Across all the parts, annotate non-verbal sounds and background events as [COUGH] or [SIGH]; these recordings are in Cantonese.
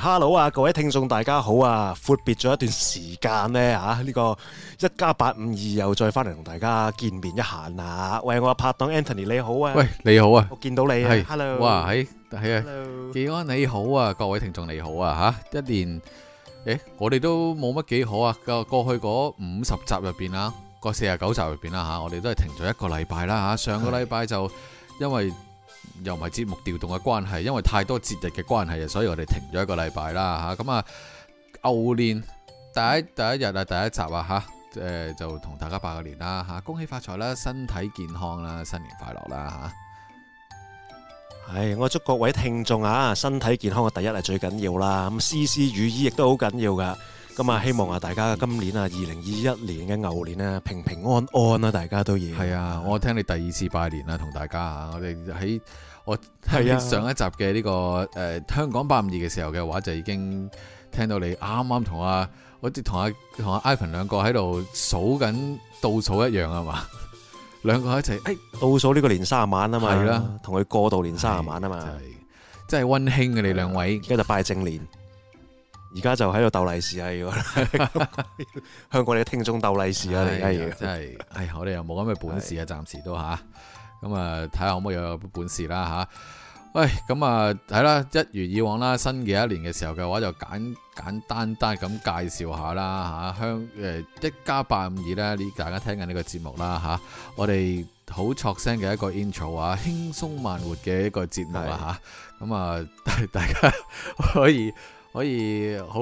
Hello 啊，各位聽眾大家好啊，闊別咗一段時間咧啊，呢個一加八五二又再翻嚟同大家見面一下啊，喂，我嘅拍檔 Anthony 你好啊，喂你好啊，我見到你啊，係，Hello，哇，係係啊，技安你好啊，各位聽眾你好啊，吓，一年，誒，我哋都冇乜幾好啊，個過去嗰五十集入邊啦，個四十九集入邊啦吓，我哋都係停咗一個禮拜啦吓，上個禮拜就因為。又唔係節目調動嘅關係，因為太多節日嘅關係啊，所以我哋停咗一個禮拜啦嚇。咁啊，牛年第一第一日啊，第一集啊嚇，誒、呃、就同大家拜個年啦嚇、啊，恭喜發財啦，身體健康啦，新年快樂啦嚇。係、啊哎，我祝各位聽眾啊，身體健康嘅第一係最緊要啦。咁事事如意亦都好緊要噶。咁啊，希望啊大家今年啊二零二一年嘅牛年啊平平安安啦、啊，大家都要。係啊、哎，我聽你第二次拜年啦、啊，同大家啊，我哋喺。我喺上一集嘅呢、這個誒、呃、香港八五二嘅時候嘅話，就已經聽到你啱啱同阿我接同阿同阿 Ivan 兩個喺度數緊倒數一樣係嘛？兩個喺一齊誒，倒數呢個年卅晚啊嘛，係啦，同佢過度年卅晚啊嘛，就是、真係温馨嘅是、啊、你兩位，跟住就拜正年，而家就喺度鬥利是啊！要 [LAUGHS] 香港你聽眾鬥利是啊！你而家真係，係、哎、我哋又冇咁嘅本事啊，暫時都吓。咁啊，睇下可唔可以有本事啦吓、啊、喂，咁啊，係啦，一如以往啦，新嘅一年嘅時候嘅話就簡簡，簡單單咁介紹下啦吓、啊、香誒、呃、一家八五二啦，你大家聽緊呢個節目啦吓、啊，我哋好燭聲嘅一個 intro 啊，輕鬆慢活嘅一個節目啊吓，咁是啊，大家 [LAUGHS] 可以可以好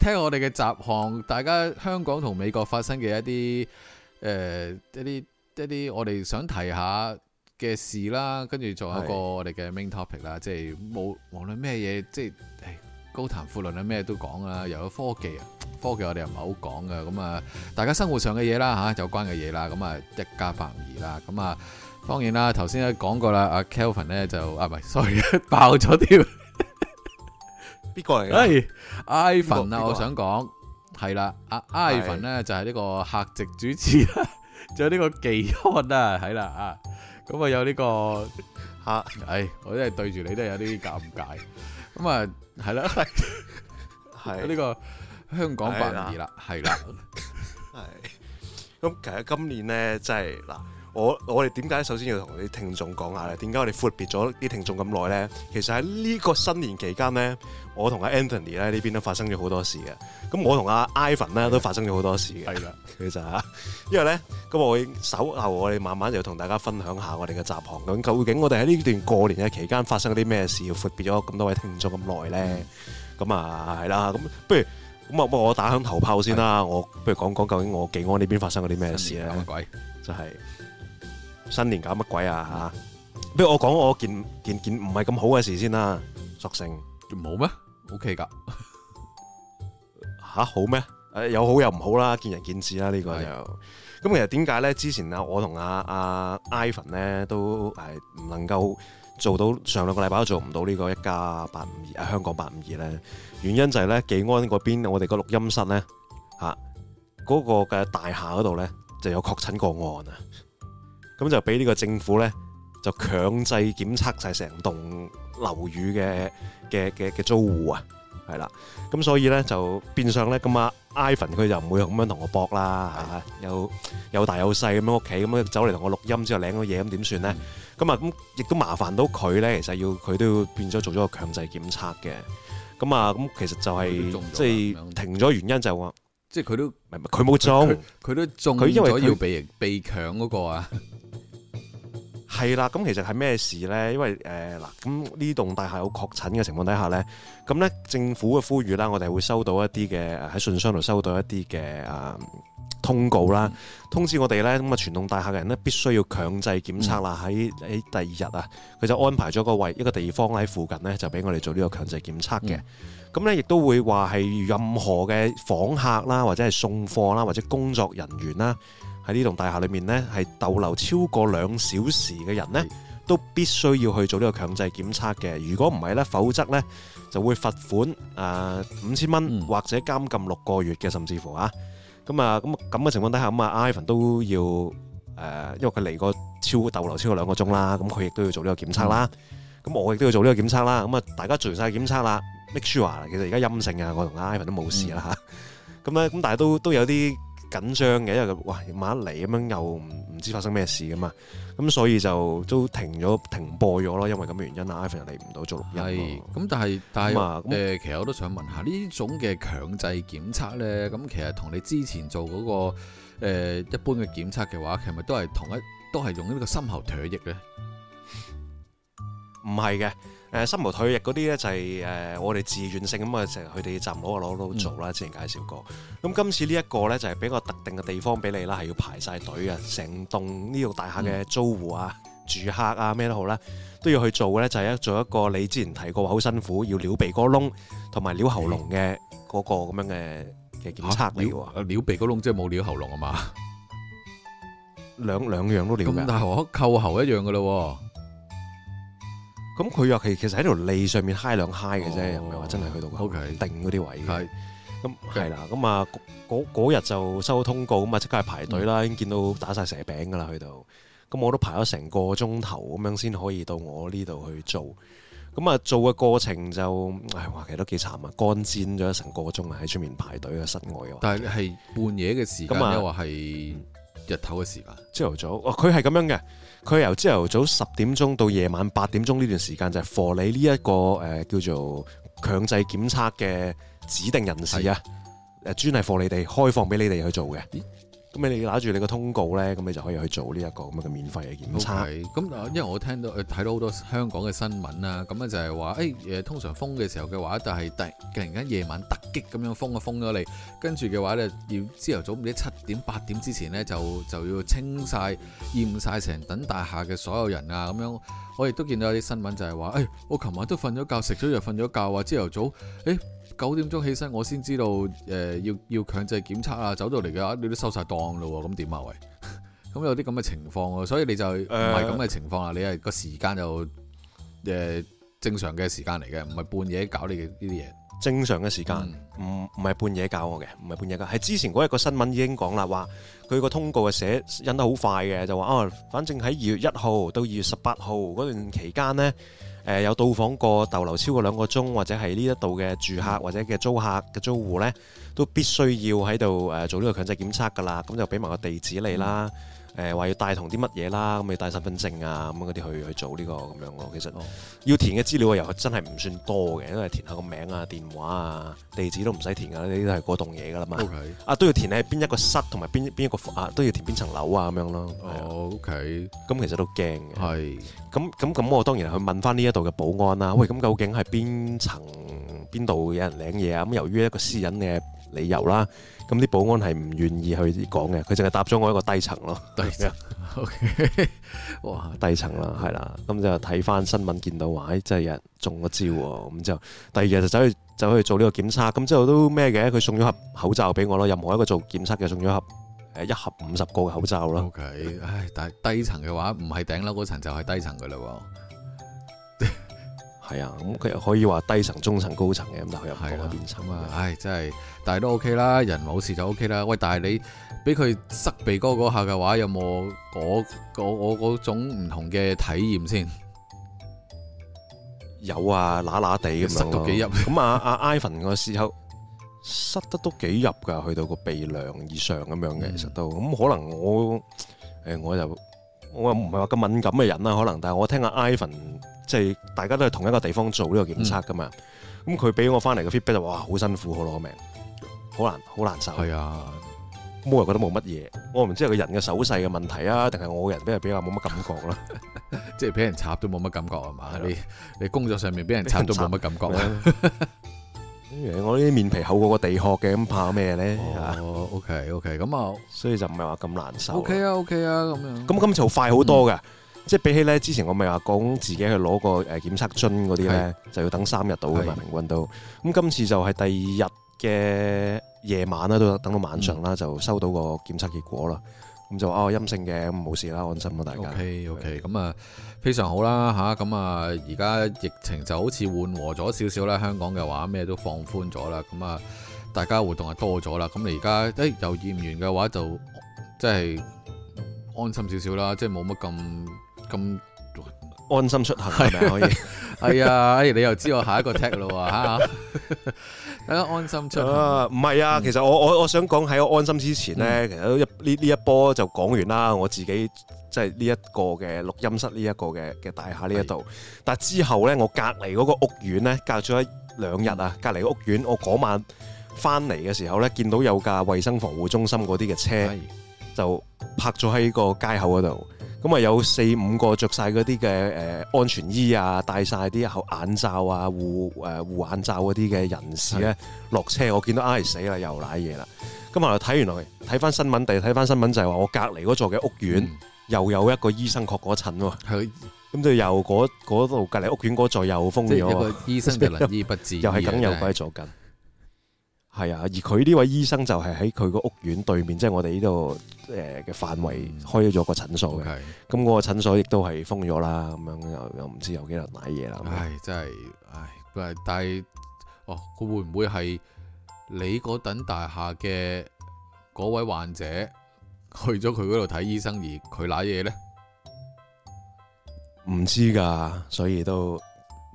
聽我哋嘅雜項，大家香港同美國發生嘅一啲誒、呃、一啲。一啲我哋想提下嘅事啦，跟住做一個我哋嘅 main topic 啦，即係冇無論咩嘢，即係高談闊論啊咩都講啊。又有科技啊，科技我哋又唔係好講噶，咁啊，大家生活上嘅嘢啦吓，有關嘅嘢啦，咁啊，一家852啦，咁啊，當然啦，頭先講過啦，阿 Kelvin 咧就啊唔係，sorry，爆咗條邊個嚟？係 Ivan 啊，我想講係啦，阿 Ivan 呢，就係呢個客席主持。是 [LAUGHS] 仲有呢個技安啊，係啦啊，咁啊有呢、呢個吓，唉哈、哎，我真係對住你都有啲尷尬，咁哈啊係啦，係係呢個香港白人兒、啊哎、喊啦，係啦， [LAUGHS] [LAUGHS] 係，咁其實今年咧真係嗱。我我哋點解首先要同啲聽眾講下咧？點解我哋闊別咗啲聽眾咁耐咧？其實喺呢個新年期間咧，我同阿 Anthony 咧呢邊都發生咗好多事嘅。咁我同阿 Ivan 咧都發生咗好多事嘅。係啦，其實啊，因為咧，咁我會稍後我哋慢慢就同大家分享下我哋嘅集行咁。究竟我哋喺呢段過年嘅期間發生咗啲咩事，要闊別咗咁多位聽眾咁耐咧？咁啊係啦，咁不如咁啊，我打響頭炮先啦。我不如講講究竟我技安呢邊發生咗啲咩事咧？乜鬼？就係～新年搞乜鬼啊？吓、嗯，不如我講我件件件唔係咁好嘅事先啦。索性唔好咩？O K 噶吓，好咩？誒、呃、有好有唔好啦，見仁見智啦呢、呢個又。咁是其實點解咧？之前啊，我同阿阿 Ivan 咧都誒唔能夠做到上兩個禮拜都做唔到呢個一家八五二啊，52，香講八五二咧，原因就係咧，技安嗰邊我哋個錄音室咧嚇嗰個嘅大廈嗰度咧就有確診個案啊。咁就俾呢個政府咧，就強制檢測晒成棟樓宇嘅嘅嘅嘅租戶啊，係啦。咁所以咧就變相咧咁啊，Ivan 佢就唔會咁樣同我搏啦，係又又大又細咁樣屋企，咁樣走嚟同我錄音之後領、嗯、到嘢，咁點算咧？咁啊，咁亦都麻煩到佢咧，其實要佢都要變咗做咗個強制檢測嘅。咁啊，咁其實就係即係停咗原因就話、是。即係佢都佢冇中，佢都中。佢因為要被被強嗰個啊，係啦。咁其實係咩事咧？因為誒嗱，咁、呃、呢棟大廈有確診嘅情況底下咧，咁咧政府嘅呼籲啦，我哋係會收到一啲嘅喺信箱度收到一啲嘅啊通告啦，通知我哋咧，咁啊全棟大廈嘅人咧必須要強制檢測啦。喺喺、嗯、第二日啊，佢就安排咗個位一個地方喺附近咧，就俾我哋做呢個強制檢測嘅。嗯咁咧，亦都會話係任何嘅訪客啦，或者係送貨啦，或者工作人員啦，喺呢棟大廈裏面咧，係逗留超過兩小時嘅人咧，都必須要去做呢個強制檢測嘅。如果唔係咧，否則咧就會罰款誒五千蚊，或者監禁六個月嘅，甚至乎啊咁啊咁咁嘅情況底下，咁啊，Ivan 都要誒，因為佢嚟過超逗留超過兩個鐘啦，咁佢亦都要做呢個檢測啦。咁我亦都要做呢個檢測啦。咁啊，大家做完曬檢測啦。搦書話啦，其實而家陰性啊，我同 Ivan 都冇事啦嚇。咁咧，咁但係都都有啲緊張嘅，因為哇，萬一嚟咁樣又唔唔知發生咩事㗎嘛，咁所以就都停咗停播咗咯，因為咁嘅原因啊，Ivan 又嚟唔到做錄音。係，咁但係但係咁啊，誒，其實我都想問下呢種嘅強制檢測咧，咁其實同你之前做嗰個誒一般嘅檢測嘅話，係咪都係同一都係用呢個深喉唾液嘅？唔係嘅。誒，深喉唾液嗰啲咧就係誒，我哋自願性咁啊，成日佢哋就唔攞攞到做啦。之前介紹過，咁今次呢一個咧就係比較特定嘅地方俾你啦，係要排晒隊嘅，成棟呢個大廈嘅租戶啊、住客啊咩都好啦，都要去做咧，就係、是、一做一個你之前提過話好辛苦，要撩鼻哥窿同埋撩喉嚨嘅嗰個咁樣嘅嘅檢測撩、啊、鼻哥窿即係冇撩喉嚨啊嘛？兩兩樣都撩㗎。咁大學扣喉一樣嘅咯喎。咁佢尤其其實喺條脷上面嗨 i g 兩 h 嘅啫，又唔係話真係去到定嗰啲位咁係啦，咁啊嗰日就收通告，咁啊即刻去排隊啦。嗯、已經見到打晒蛇餅噶啦，去到，咁我都排咗成個鐘頭咁樣先可以到我呢度去做。咁啊做嘅過程就唉話其實都幾慘啊，幹煎咗成個鐘喺出面排隊啊，室外啊。但係係半夜嘅時、嗯、時間，你話係日頭嘅時間，朝、嗯、頭早。哦，佢係咁樣嘅。佢由朝頭早十點鐘到夜晚八點鐘呢段時間就、這個，就係 for 你呢一個誒叫做強制檢測嘅指定人士啊，誒是的 專係 for 你哋開放俾你哋去做嘅。嗯咁你攞住你個通告呢，咁你就可以去做呢一個咁嘅免費嘅檢測。咁、okay，因為我聽到睇到好多香港嘅新聞啦，咁啊就係、是、話，誒、哎、通常封嘅時候嘅話，就係突然間夜晚突擊咁樣封啊封咗你，跟住嘅話呢要朝頭早唔知七點八點之前呢，就就要清晒、驗晒成棟大廈嘅所有人啊，咁樣。我亦都見到有啲新聞就係話，誒、哎、我琴晚都瞓咗覺，食咗藥瞓咗覺啊，朝頭早誒。哎九點鐘起身，我先知道誒、呃、要要強制檢測啊！走到嚟嘅、啊，你都收晒檔啦喎，咁點啊？喂，咁 [LAUGHS] 有啲咁嘅情況喎，所以你就唔係咁嘅情況啦，呃、你係個時間就誒、呃、正常嘅時間嚟嘅，唔係半夜搞你嘅呢啲嘢。正常嘅時間，唔唔係半夜搞我嘅，唔係半夜搞，係之前嗰日個新聞已經講啦，話佢個通告係寫印得好快嘅，就話哦，反正喺二月一號到二月十八號嗰段期間呢。誒、呃、有到訪過逗留超過兩個鐘或者係呢一度嘅住客或者嘅租客嘅租戶呢，都必須要喺度誒做呢個強制檢測噶啦，咁就俾埋個地址你啦。嗯誒話要帶同啲乜嘢啦，咁你帶身份證啊，咁嗰啲去去做呢個咁樣咯。其實要填嘅資料又真係唔算多嘅，因為填下個名啊、電話啊、地址都唔使填 Okay. 啊。呢啲都係嗰棟嘢噶啦嘛。啊都要填喺係邊一個室，同埋邊邊一個啊都要填邊層樓啊咁樣咯。OK，咁其實都驚嘅。咁咁咁，我當然去問翻呢一度嘅保安啦。喂，咁究竟係邊層邊度有人領嘢啊？咁由於一個私隱嘅理由啦。咁啲保安係唔願意去講嘅，佢淨係答咗我一個低層咯。低層，OK， [LAUGHS] 哇，低層啦，係啦，咁就睇翻新聞見到話，哎，真係有人中咗招喎，咁之後第二日就走去走去做呢個檢測，咁之後都咩嘅？佢送咗盒口罩俾我咯，任何一個做檢測嘅送咗盒誒一盒五十個嘅口罩咯。OK，唉，但係低層嘅話唔係頂樓嗰層就係低層嘅嘞喎。係啊，咁、嗯、佢可以話低層、中層、高層嘅咁流入變深啊！唉，真係，但係都 OK 啦，人冇事就 OK 啦。喂，但係你俾佢塞鼻哥嗰下嘅話，有冇嗰嗰種唔同嘅體驗先？有啊，乸、呃、乸、呃、地咁塞到幾入。咁 [LAUGHS] 啊阿、啊、Ivan 個時候塞得都幾入噶，去到個鼻梁以上咁樣嘅，嗯、其實都咁、嗯、可能我誒，我又我又唔係話咁敏感嘅人啦，可能，但係我聽阿 Ivan。即係大家都係同一個地方做呢個檢測噶嘛，咁佢俾我翻嚟個 feedback 就話哇好辛苦好攞命，好難好難受。係啊，咁我又覺得冇乜嘢，我唔知係個人嘅手勢嘅問題啊，定係我個人比較比較冇乜感覺啦。即係俾人插都冇乜感覺係嘛，你你工作上面俾人插都冇乜感覺。原來我呢啲面皮厚過個地殼嘅，咁怕咩咧？哦，OK OK，咁啊，所以就唔係話咁難受。OK 啊 OK 啊，咁樣。咁今次快好多噶。即係比起咧，之前我咪話講自己去攞個誒檢測樽嗰啲咧，是就要等三日到嘅嘛，平均都。咁、啊、今次就係第二日嘅夜晚啦，都等到晚上啦，嗯、就收到個檢測結果啦。咁、嗯、就哦、啊，陰性嘅，咁冇事啦，安心咯、啊，大家。OK 咁 okay ,啊是，非常好啦吓，咁啊，而家疫情就好似緩和咗少少啦。香港嘅話咩都放寬咗啦。咁啊，大家活動係多咗啦。咁你而家誒又驗完嘅話就，就即係安心少少啦。即係冇乜咁。咁安心出行係咪可以？係啊，哎，你又知我下一個 take 咯喎，吓，等下安心出。唔係啊，其實我我我想講喺我安心之前咧，其實一呢呢一波就講完啦。我自己即係呢一個嘅錄音室，呢一個嘅嘅大廈呢一度。但之後咧，我隔籬嗰個屋苑咧，隔咗兩日啊，隔籬個屋苑，我嗰晚翻嚟嘅時候咧，見到有架衛生防護中心嗰啲嘅車，就泊咗喺個街口嗰度。咁啊有四五個着晒嗰啲嘅誒安全衣啊，戴晒啲口眼罩啊，護誒護眼罩嗰啲嘅人士咧、啊、落的車，我見到，唉死啦，又瀨嘢啦！咁我睇完嚟睇翻新聞，地，睇翻新聞就係、是、話我隔離嗰座嘅屋苑、嗯、又有一個醫生確診嗰層喎、啊，咁的就又嗰度隔離屋苑嗰座又封咗、啊，個醫生嘅能醫不自醫、啊 [LAUGHS] 又，又係梗又鬼咗緊。係啊，而佢呢位醫生就係喺佢個屋苑對面，即係我哋呢度誒嘅範圍，嗯，開咗個診所嘅。咁嗰個診所亦都係封咗啦，咁樣又又唔知有幾多人攋嘢啦。唉，真係，唉，但係，哦，佢會唔會係你嗰等大廈嘅嗰位患者去咗佢嗰度睇醫生而佢攋嘢呢？唔知㗎，所以都。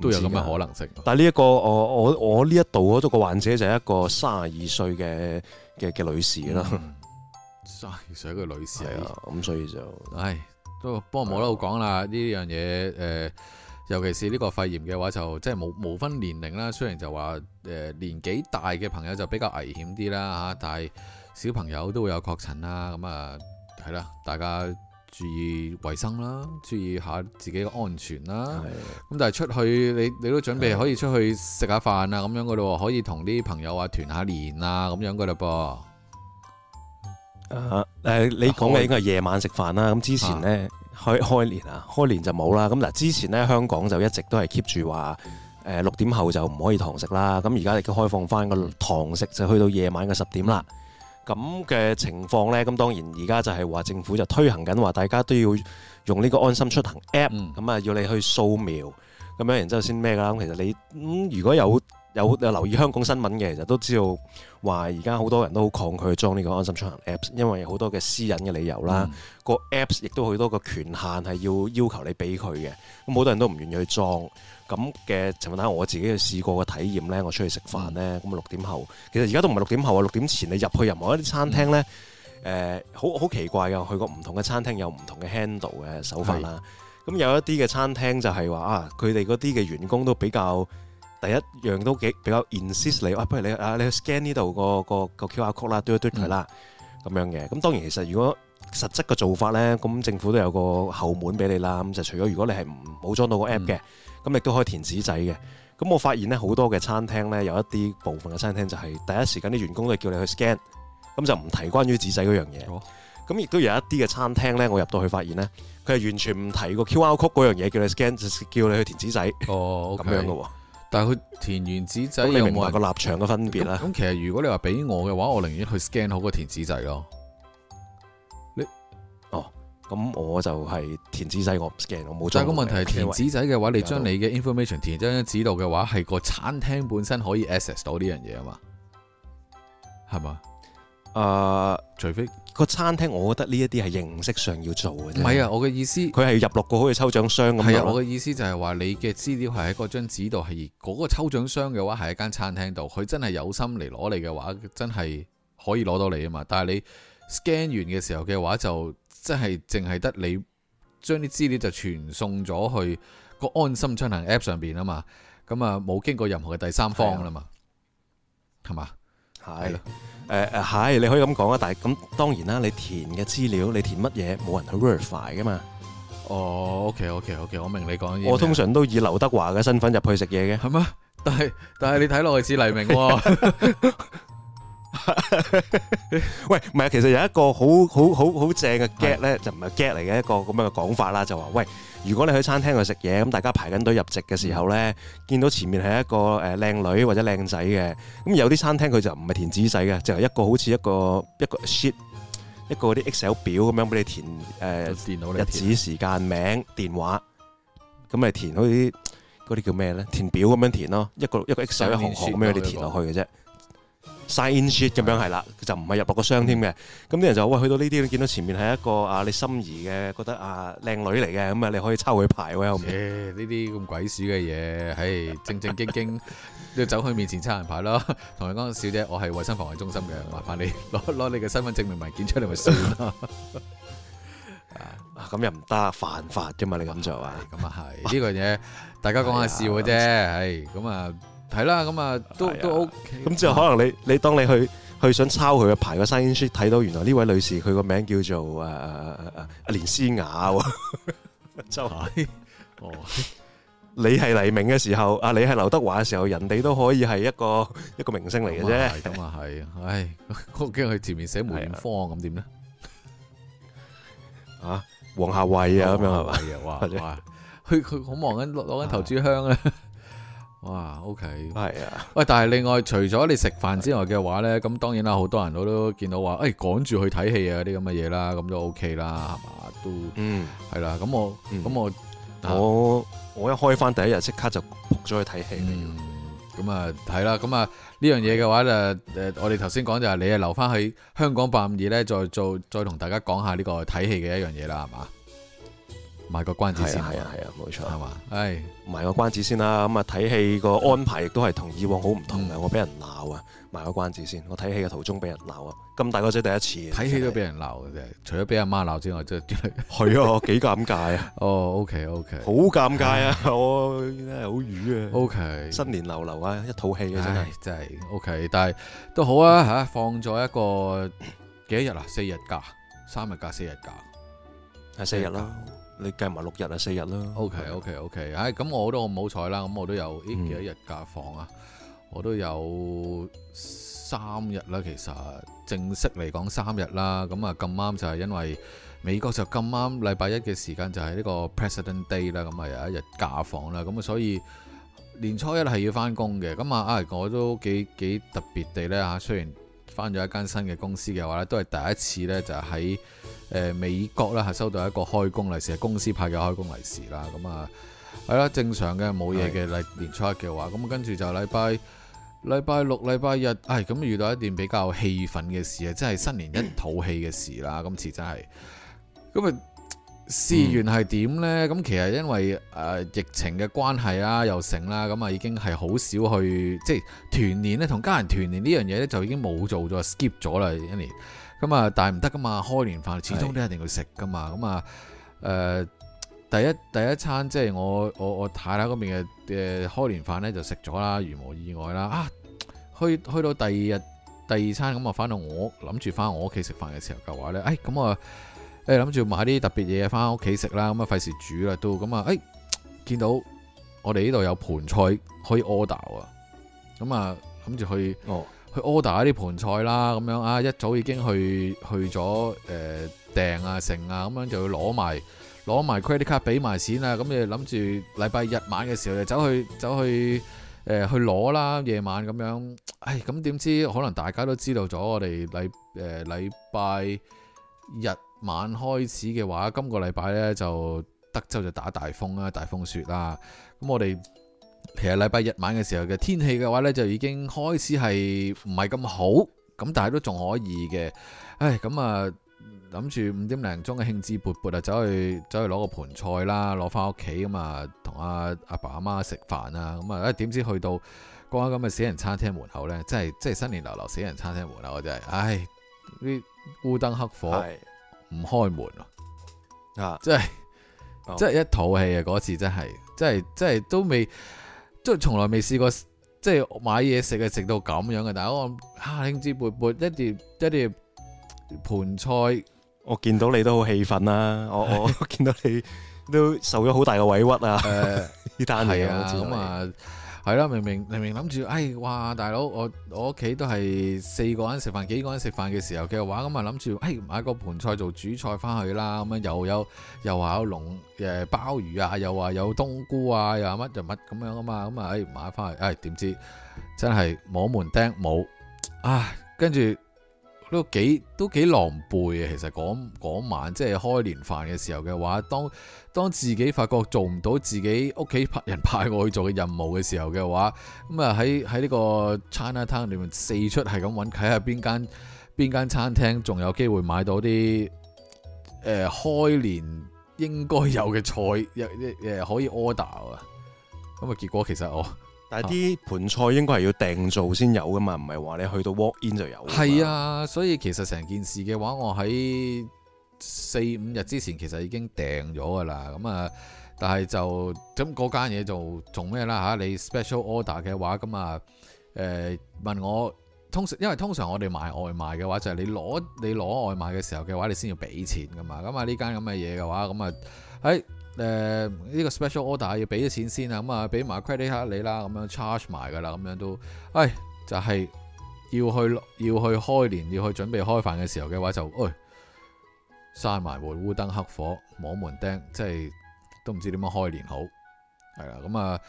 都有咁嘅可能性，但係呢一個我我我呢一度嗰個患者就係一個三十二歲嘅嘅嘅女士啦，三十二歲嘅女士係啊，咁所以就，唉，都不過冇得好講啦，呢樣嘢，誒、呃，尤其是呢個肺炎嘅話就即係冇冇分年齡啦，雖然就話，誒、呃，年紀大嘅朋友就比較危險啲啦，吓、啊，但係小朋友都會有確診啦，咁啊，係、嗯、啦、啊，大家注意衞生啦，注意下自己嘅安全啦。咁但係出去，你你都準備可以出去食下飯啊，咁樣噶咯，可以同啲朋友話團，團下年啊，咁樣噶咯噃。誒、uh, uh, 你講嘅應該係夜晚食飯啦。咁之前呢，開、啊、開年啊，開年就冇啦。咁嗱，之前呢，香港就一直都係 keep 住話，誒六點後就唔可以堂食啦。咁而家亦都開放翻個堂食，就去到夜晚嘅十點啦。咁嘅情況呢，咁當然而家就係話政府就推行緊話，大家都要用呢個安心出行 app，咁啊、嗯、要你去掃描咁樣，然之後先咩㗎啦？其實你、嗯、如果有有、有留意香港新聞嘅，其實都知道話，而家好多人都好抗拒裝呢個安心出行 app，因為好多嘅私隱嘅理由啦，嗯、個 apps 亦都好多個權限係要要求你俾佢嘅，咁好多人都唔願意去裝。咁嘅情況底下，我自己嘅試過嘅體驗呢，我出去食飯呢，咁啊六點後，其實而家都唔係六點後啊，六點前你入去任何一啲餐廳呢，誒好好奇怪嘅，去過唔同嘅餐廳有唔同嘅 handle 嘅手法啦。咁是有一啲嘅餐廳就係話啊，佢哋嗰啲嘅員工都比較第一樣都幾比較 insist 你、嗯，哇、啊！不如你你去 scan 呢度、嗰個、嗰個個 QR code 啦，嘟一嘟佢啦，咁樣嘅。咁當然其實如果實質嘅做法呢，咁政府都有個後門俾你啦。咁就除咗如果你係唔冇裝到個 app 嘅。嗯咁亦都可以填紙仔嘅。咁我發現咧，好多嘅餐廳咧有一啲部分嘅餐廳就係第一時間啲員工都係叫你去 scan，咁就唔提關於紙仔嗰樣嘢。咁亦都有一啲嘅餐廳咧，我入到去發現咧，佢係完全唔提個 QR code 嗰樣嘢，叫你 scan，就叫你去填紙仔。哦，okay，咁樣嘅喎。但係佢填完紙仔， [LAUGHS] 你冇話個立場嘅分別啦。咁其實如果你話俾我嘅話，我寧願去 scan 好過填紙仔咯。咁、嗯、我就係填紙仔，我唔 scan 我冇做。但係個問題係填紙仔嘅話，你將你嘅 information 填咗喺張紙度嘅話，係個餐廳本身可以 access 到呢樣嘢啊嘛？係嘛？誒、呃，除非個餐廳，我覺得呢一啲係形式上要做嘅啫。唔係啊，我嘅意思佢係入落個好似抽獎箱咁。係啊，啊我嘅意思就係話你嘅資料係喺嗰張紙度，係嗰 [LAUGHS] 個抽獎箱嘅話，喺一間餐廳度，佢真係有心嚟攞你嘅話，真係可以攞到你啊嘛。但係你 scan 完嘅時候嘅話就。即係淨係得你將啲資料就傳送咗去個安心出行 App 上邊啊嘛，咁啊冇經過任何嘅第三方啊嘛，係嘛？啊。係啦，誒誒係，你可以咁講啊，但係咁當然啦，你填嘅資料你填乜嘢，冇人去 verify 噶嘛。哦，OK OK OK，我明你講嘢。我通常都以劉德華嘅身份入去食嘢嘅。係咩？但係但係你睇落去似黎明喎。哦。 [LAUGHS] [LAUGHS] 喂，唔係啊，其實有一個好好好好正嘅 get 咧，就唔係 get 嚟嘅一個咁樣嘅講法啦，就話喂，如果你去餐廳度食嘢，咁大家排緊隊入席嘅時候咧，見到前面係一個誒靚女或者靚仔嘅，咁有啲餐廳佢就唔係填紙仔嘅，就係一個好似一個一個 sheet，一個啲 Excel 表咁樣俾你填，誒，日子時間名電話，咁咪填好似嗰啲叫咩咧？填表咁樣填咯，一個一個 Excel 一行行咁樣俾你填落去嘅啫。Sign in sheet 咁樣係啦，就唔係入落個箱添嘅。咁啲人就喂去到呢啲，你見到前面係一個啊，你心儀嘅覺得啊靚女嚟嘅，咁啊你可以抄佢牌喎。唔嘅呢啲咁鬼鼠嘅嘢，係，正正經經要走去面前抄人牌咯。同你講，小姐，我係衞生防衛中心嘅，麻煩你攞攞你嘅身份證明文件出嚟咪算啦。啊，咁又唔得，犯法啫嘛。你咁做呀，咁啊係呢個嘢，大家講下笑嘅啫。係，咁啊。係啦，咁啊都都 O K。咁之後可能你你當你去去想抄佢嘅牌個 sign sheet，睇到原來呢位女士佢個名叫做啊啊啊啊阿連詩雅喎。就係哦，你係黎明嘅時候，阿你係劉德華嘅時候，人哋都可以係一個一個明星嚟嘅啫。咁啊係，唉，驚佢前面寫梅艷芳咁點咧？啊，黃夏蕙啊咁樣係咪？哇哇，佢佢好忙緊攞攞緊頭柱香啊！哇，OK，係啊，喂，但係另外除咗你食飯之外嘅話呢，咁、啊、當然啦，好多人都都見到話，誒、哎，趕住去睇戲啊啲咁嘅嘢啦，咁都 OK 啦，係嘛，都，mm, 啊、嗯，係啦、嗯，咁我、嗯，咁我，我，我一開翻第一日，即刻就撲咗去睇戲嚟，咁啊、嗯，睇啦、嗯，咁、嗯、啊，呢樣嘢嘅話呢，誒，我哋頭先講就係你啊留翻喺香港八五二呢，再做，再同大家講下呢、這個睇戲嘅一樣嘢啦，係嘛。買個關子先，係啊係啊，冇錯係嘛，係買個關子先啦。咁啊睇戲個安排亦都係同以往好唔同嘅。我俾人鬧啊，買個關子先。我睇戲嘅途中俾人鬧啊，咁大個仔第一次睇戲都俾人鬧嘅啫。除咗俾阿媽鬧之外，真係係啊，幾尷尬啊。哦，OK OK，好尷尬啊，我好瘀啊。OK，新年流流啊，一套戲啊，真係真係 OK。但係都好啊吓，放咗一個幾多日啊？四日假，三日假，四日假，係四日咯。你計埋六日啊，四日啦。OK OK OK，唉，咁我都唔好彩啦。咁我都有咦幾多日假放啊？嗯、我都有三日啦，其實正式嚟講三日啦。咁啊咁啱就係因為美國就咁啱禮拜一嘅時間就係呢個 Presidents Day 啦。咁啊有一日假放啦。咁啊所以年初一係要翻工嘅。咁啊啊我都幾幾特別地咧嚇。雖然翻咗一間新嘅公司嘅話咧，都係第一次咧就喺。誒美國咧係收到一個開工利是，係公司派嘅開工利是啦。咁啊係啦，正常嘅冇嘢嘅例年初一嘅話，咁、嗯嗯、跟住就禮拜禮拜六、禮拜日，係、哎、咁、嗯、遇到一件比較氣憤嘅事啊，即係新年一肚氣嘅事啦。今次真係咁啊！嗯嗯、事源係點呢？咁其實因為誒疫情嘅關係啊，又成啦，咁啊已經係好少去即係團年呢，同家人團年呢樣嘢呢，就已經冇做咗，skip 咗啦一年。咁啊，但係唔得㗎嘛，開年飯始終都一定要食㗎嘛。咁啊是，誒、嗯、第一第一餐即係、就是、我我我太太嗰邊嘅誒開年飯咧，就食咗啦，如無意外啦。啊，去去到第二日第二餐咁啊，返、嗯、到我諗住返我屋企食飯嘅時候嘅話咧，誒咁啊誒諗住買啲特別嘢返屋企食啦，咁啊費事煮啦都。咁啊誒見到我哋呢度有盤菜可以 order 啊，咁啊諗住去。哦去 order 一啲盤菜啦，咁樣啊，一早已經去去咗誒、呃、訂啊、剩啊，咁樣就要攞埋攞埋 credit card 俾埋錢啊，咁你諗住禮拜日晚嘅時候就走去走去誒、呃、去攞啦，夜晚咁樣，唉，咁點知可能大家都知道咗，我哋禮誒禮拜日晚開始嘅話，今個禮拜呢就德州就打大風啦、大風雪啦，咁我哋。其實禮拜日晚嘅時候嘅天氣嘅話呢，就已經開始係唔係咁好，咁但係都仲可以嘅。唉，咁啊諗住五點零鐘嘅興致勃勃啊，走去走去攞個盆菜啦，攞翻屋企咁啊，同阿阿爸阿媽食飯啊，咁、嗯、啊，唉、嗯，點知去到間咁嘅死人餐廳門口呢？真係真係新年流流死人餐廳門口，真係，唉，啲烏燈黑火唔是開門咯，啊，真係真係一肚氣啊！嗰次真係，真係真係都未。都係從來未試過，即係買嘢食嘅食到咁樣嘅。但係我吓興致勃勃一碟一碟盆菜，我見到你都好氣憤啊。我我見到你都受咗好大嘅委屈啊！呢單嘢咁啊！好像係啦，明明明明諗住，哎，哇，大佬，我我屋企都係四個人食飯，幾個人食飯嘅時候嘅話，咁啊諗住，哎，買個盆菜做主菜翻去啦，咁、嗯、樣又有又話有龍誒鮑魚啊，又話有冬菇啊，又話乜就乜咁樣啊嘛，咁、嗯、啊，哎，買翻去、哎，唉，點知真係摸門釘，冇啊，跟住。都幾都幾狼狽啊！其實嗰晚即係開年飯嘅時候嘅話，當當自己發覺做唔到自己屋企派人派我去做嘅任務嘅時候嘅話，咁啊喺喺呢個 China Town 裏面四出係咁搵睇下邊間邊間餐廳仲有機會買到啲誒、呃、開年應該有嘅菜、呃呃，可以 order 啊！咁啊結果其實我。但係啲盤菜應該係要訂做先有噶嘛，唔係話你去到 walk in 就有。係啊，所以其實成件事嘅話，我喺四五日之前其實已經訂咗噶啦。咁、嗯、啊，但係就咁嗰間嘢就做咩啦嚇？你 special order 嘅話，咁啊誒問我，通常因為通常我哋買外賣嘅話，就係、是、你攞你攞外賣嘅時候嘅話，你先要俾錢噶嘛。咁啊呢間咁嘅嘢嘅話，咁啊喺。哎誒呢、呃這個 special order 要俾咗錢先啊，咁啊俾埋 credit 卡你啦，咁、嗯、樣 charge 埋㗎喇，咁樣都，唉，就係、是、要去要去開年，要去準備開飯嘅時候嘅話就，哎，閂埋門，烏燈黑火，摸門釘，即係都唔知點樣開年好，係啦，咁啊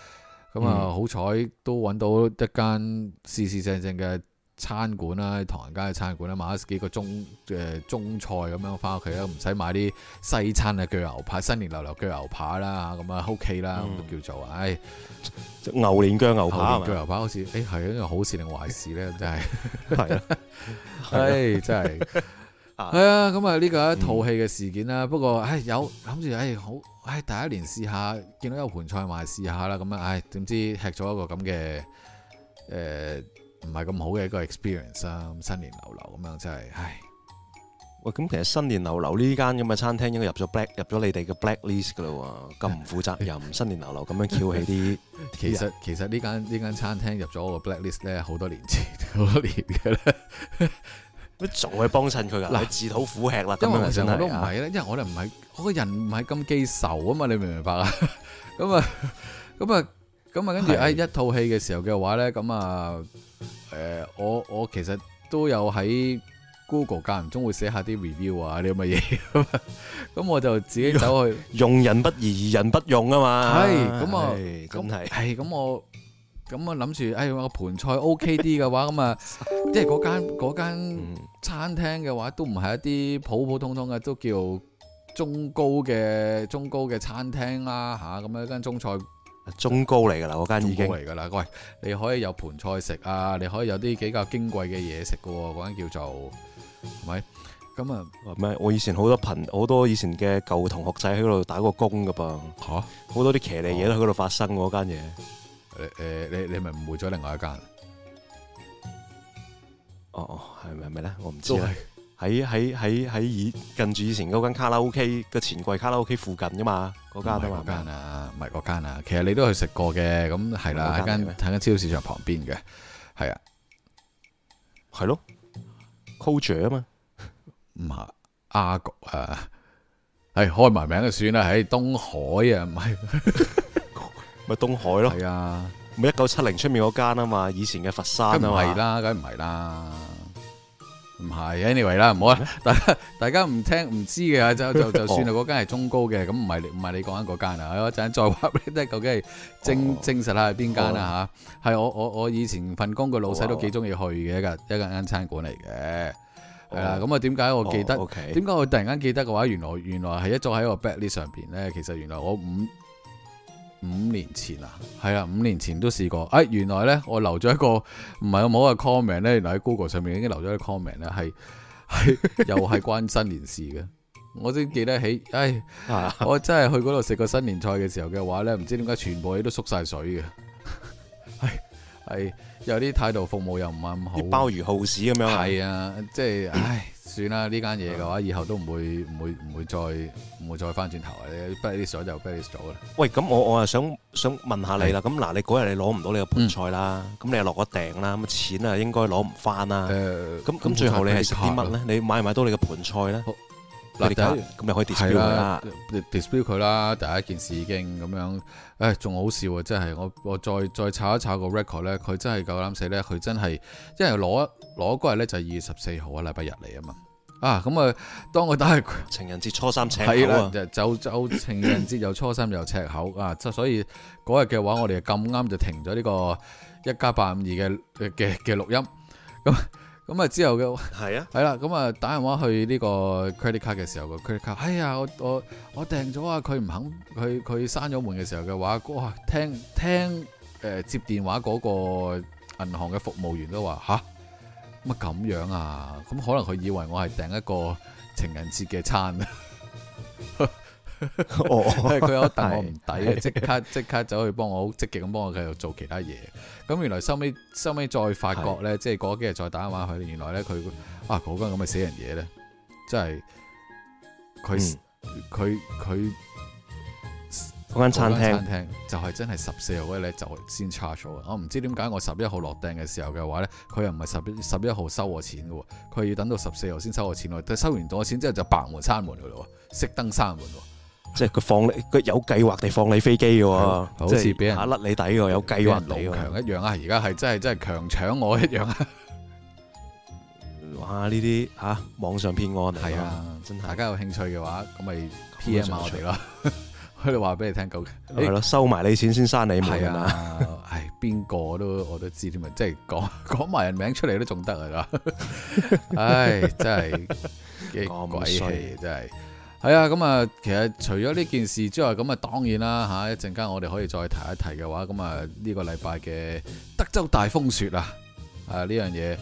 咁啊好彩都揾到一間事事正正嘅。餐館啦，唐人街嘅餐館啦，買咗幾個中嘅、呃、中菜咁樣返屋企啦，唔使買啲西餐嘅鋸牛扒，新年流流鋸牛扒啦，咁啊 OK 啦，咁都叫做，唉，牛年鋸牛扒啊！鋸牛扒好似，哎係，呢個好事定壞事咧？真係，係啊 [LAUGHS] 的，係 [LAUGHS] 真係，係啊、 [LAUGHS] 哎，咁啊呢個係一套戲嘅事件啦。嗯、不過，唉有諗住，唉、哎、好，唉第一年試下，見到有盤菜賣試下啦，咁、哎、啊，唉點知吃咗一個咁嘅，誒、哎。唔係咁好嘅一個 experience 啦。新年流流咁樣真係，唉喂。咁其實新年流流呢間咁嘅餐廳應該入咗 black 入咗你哋嘅 black list 噶啦，咁唔負責任，新年流流咁樣翹起啲。其實其實呢間呢間餐廳入咗我個 black list 咧，好多年前好多年嘅啦，乜仲去幫襯佢噶嗱？自討苦吃啦，因為我都唔係咧，因為我哋唔係我個人唔係咁記仇啊嘛。你明唔明白啊？咁啊咁啊咁啊，跟住喺一套戲嘅時候嘅話咧，咁啊。誒、呃，我我其實都有喺 Google 間唔中會寫下啲 review 啊，啲乜嘢咁，我就自己走去用人不疑，疑人不用啊嘛。係、哎，咁啊，咁係、哎，係咁、哎、我咁我諗住，哎我個盤菜 OK 啲嘅話，咁啊， [LAUGHS] 即係嗰間餐廳嘅話，都唔係一啲普普通通嘅，都叫中高嘅中高嘅餐廳啦，吓、啊，咁啊一間中菜。中高嚟噶啦，嗰間已經嚟噶啦。喂，你可以有盆菜食啊，你可以有啲比較矜貴嘅嘢食噶。嗰間叫做係咪？咁啊，咩？我以前好多朋，好多以前嘅舊同學仔喺度打過工噶噃。吓、啊，好多啲騎呢嘢都喺度發生嗰間嘢。誒誒、哦呃，你你咪誤會咗另外一間。哦哦，係咪係咪咧？我唔知。喺喺喺喺以近住以前嗰間卡拉 OK 嘅錢櫃卡拉 OK 附近噶嘛，嗰間啊，唔係嗰間啊，其實你都去食過嘅，咁係啦，喺間喺間超市場旁邊嘅，係啊，係咯，Cozy 啊嘛，唔係阿局啊，係、哎、開埋名就算啦，喺、哎、東海啊，唔係，咪 [LAUGHS] [LAUGHS] 東海咯，係啊，咪一九七零出面嗰間啊嘛，以前嘅佛山啊嘛，唔係啦，梗唔係啦。唔係，anyway 啦，唔好啦，大家大家唔聽唔知嘅，就就就算係嗰 [LAUGHS] 間係中高嘅，咁唔係唔係你講緊嗰間啊，我一陣再話咧，都係究竟係證證實下係邊間啦嚇，係我我我以前份工嘅老細都幾中意去嘅，哦、一間、哦、一間間餐館嚟嘅，係啦、哦，咁啊點解我記得？點解、哦 okay. 我突然間記得嘅話，原來原來係一早喺個 backlist 上邊咧，其實原來我五，五年前啊，係啊，五年前都試過。哎，原來呢，我留咗一個唔係咁好嘅 comment 呢。原來喺 Google 上面已經留咗個 comment 呢，係係又係關新年事嘅。 [LAUGHS] 我先記得起，哎， [LAUGHS] 我真係去嗰度食個新年菜嘅時候嘅話呢，唔知點解全部嘢都縮晒水嘅。係 [LAUGHS] 係、哎、有啲態度服務又唔係咁好，鮑魚蠔豉咁樣。係啊，即係唉。哎嗯算啦，呢間嘢嘅話，以後都唔會唔會唔會再唔會再返轉頭，你不啲鎖就不啲鎖啦。喂，咁我我啊想想問下你啦，咁嗱是的，那你嗰日你攞唔到你個盤菜啦，咁、嗯、你又落咗訂啦，咁錢啊應該攞唔返啦，咁咁最後你係食啲乜咧？你買唔買到你個盤菜咧？咁又可以 dispute 佢啦，dispute 佢啦。第一件事已經咁樣，誒仲好笑啊！即係我我再再查一查個 record 咧，佢真係夠膽死咧，佢真係因為攞攞嗰日咧就係二月十四號啊，禮拜日嚟啊嘛。啊咁、嗯、啊，當我打係情人節初三赤口、啊，係啦、啊，就就情人節又初三又赤口 [LAUGHS] 啊，所以嗰日嘅話，我哋咁啱就停咗呢個一加八五二嘅嘅嘅錄音咁。嗯。咁啊、嗯！之後嘅係啊，係啦、嗯，咁啊打電話去呢個 credit card 嘅時候，個 credit card，哎呀，我我我訂咗啊，佢唔肯，佢佢閂咗門嘅時候嘅話，哇，聽聽誒、呃、接電話嗰個銀行嘅服務員都話吓，乜咁樣啊？咁、嗯、可能佢以為我係訂一個情人節嘅餐。 [LAUGHS] 佢 [LAUGHS] 有等我唔抵，即刻即刻，刻走去幫我，積極咁幫我繼續做其他嘢。咁 [LAUGHS] 原來收尾收尾再發覺咧，即係過幾日再打電話佢，原來咧佢啊嗰間咁嘅死人嘢咧，即係佢佢佢間餐廳餐廳就係真係十四號嗰日就先 charge 咗。我唔知點解我十一號落訂嘅時候嘅話咧，佢又唔係十一十一號收我錢嘅，佢要等到十四號先收我錢。我收完咗錢之後就白門閂門噶啦，熄燈閂門。關即係佢放你，佢有計劃地放你飛機嘅喎，好似俾人甩你底嘅，有計劃嚟嘅，老強一樣啊，而家係真係真係強搶我一樣啊！哇，呢啲吓網上騙案係啊，真係。大家有興趣嘅話，咁咪 P M 我哋咯，佢哋話俾你聽。究竟係咯，收埋你錢先閂你門啊！唉，邊個都我都知啲咪，即係講講埋人名出嚟都仲得啊！唉，真係啲鬼衰，真係。係啊，咁啊、嗯，其實除咗呢件事之外，咁啊，當然啦，吓一陣間我哋可以再提一提嘅話，咁、嗯、啊、呢、這個禮拜嘅德州大風雪啊，誒、嗯，呢樣嘢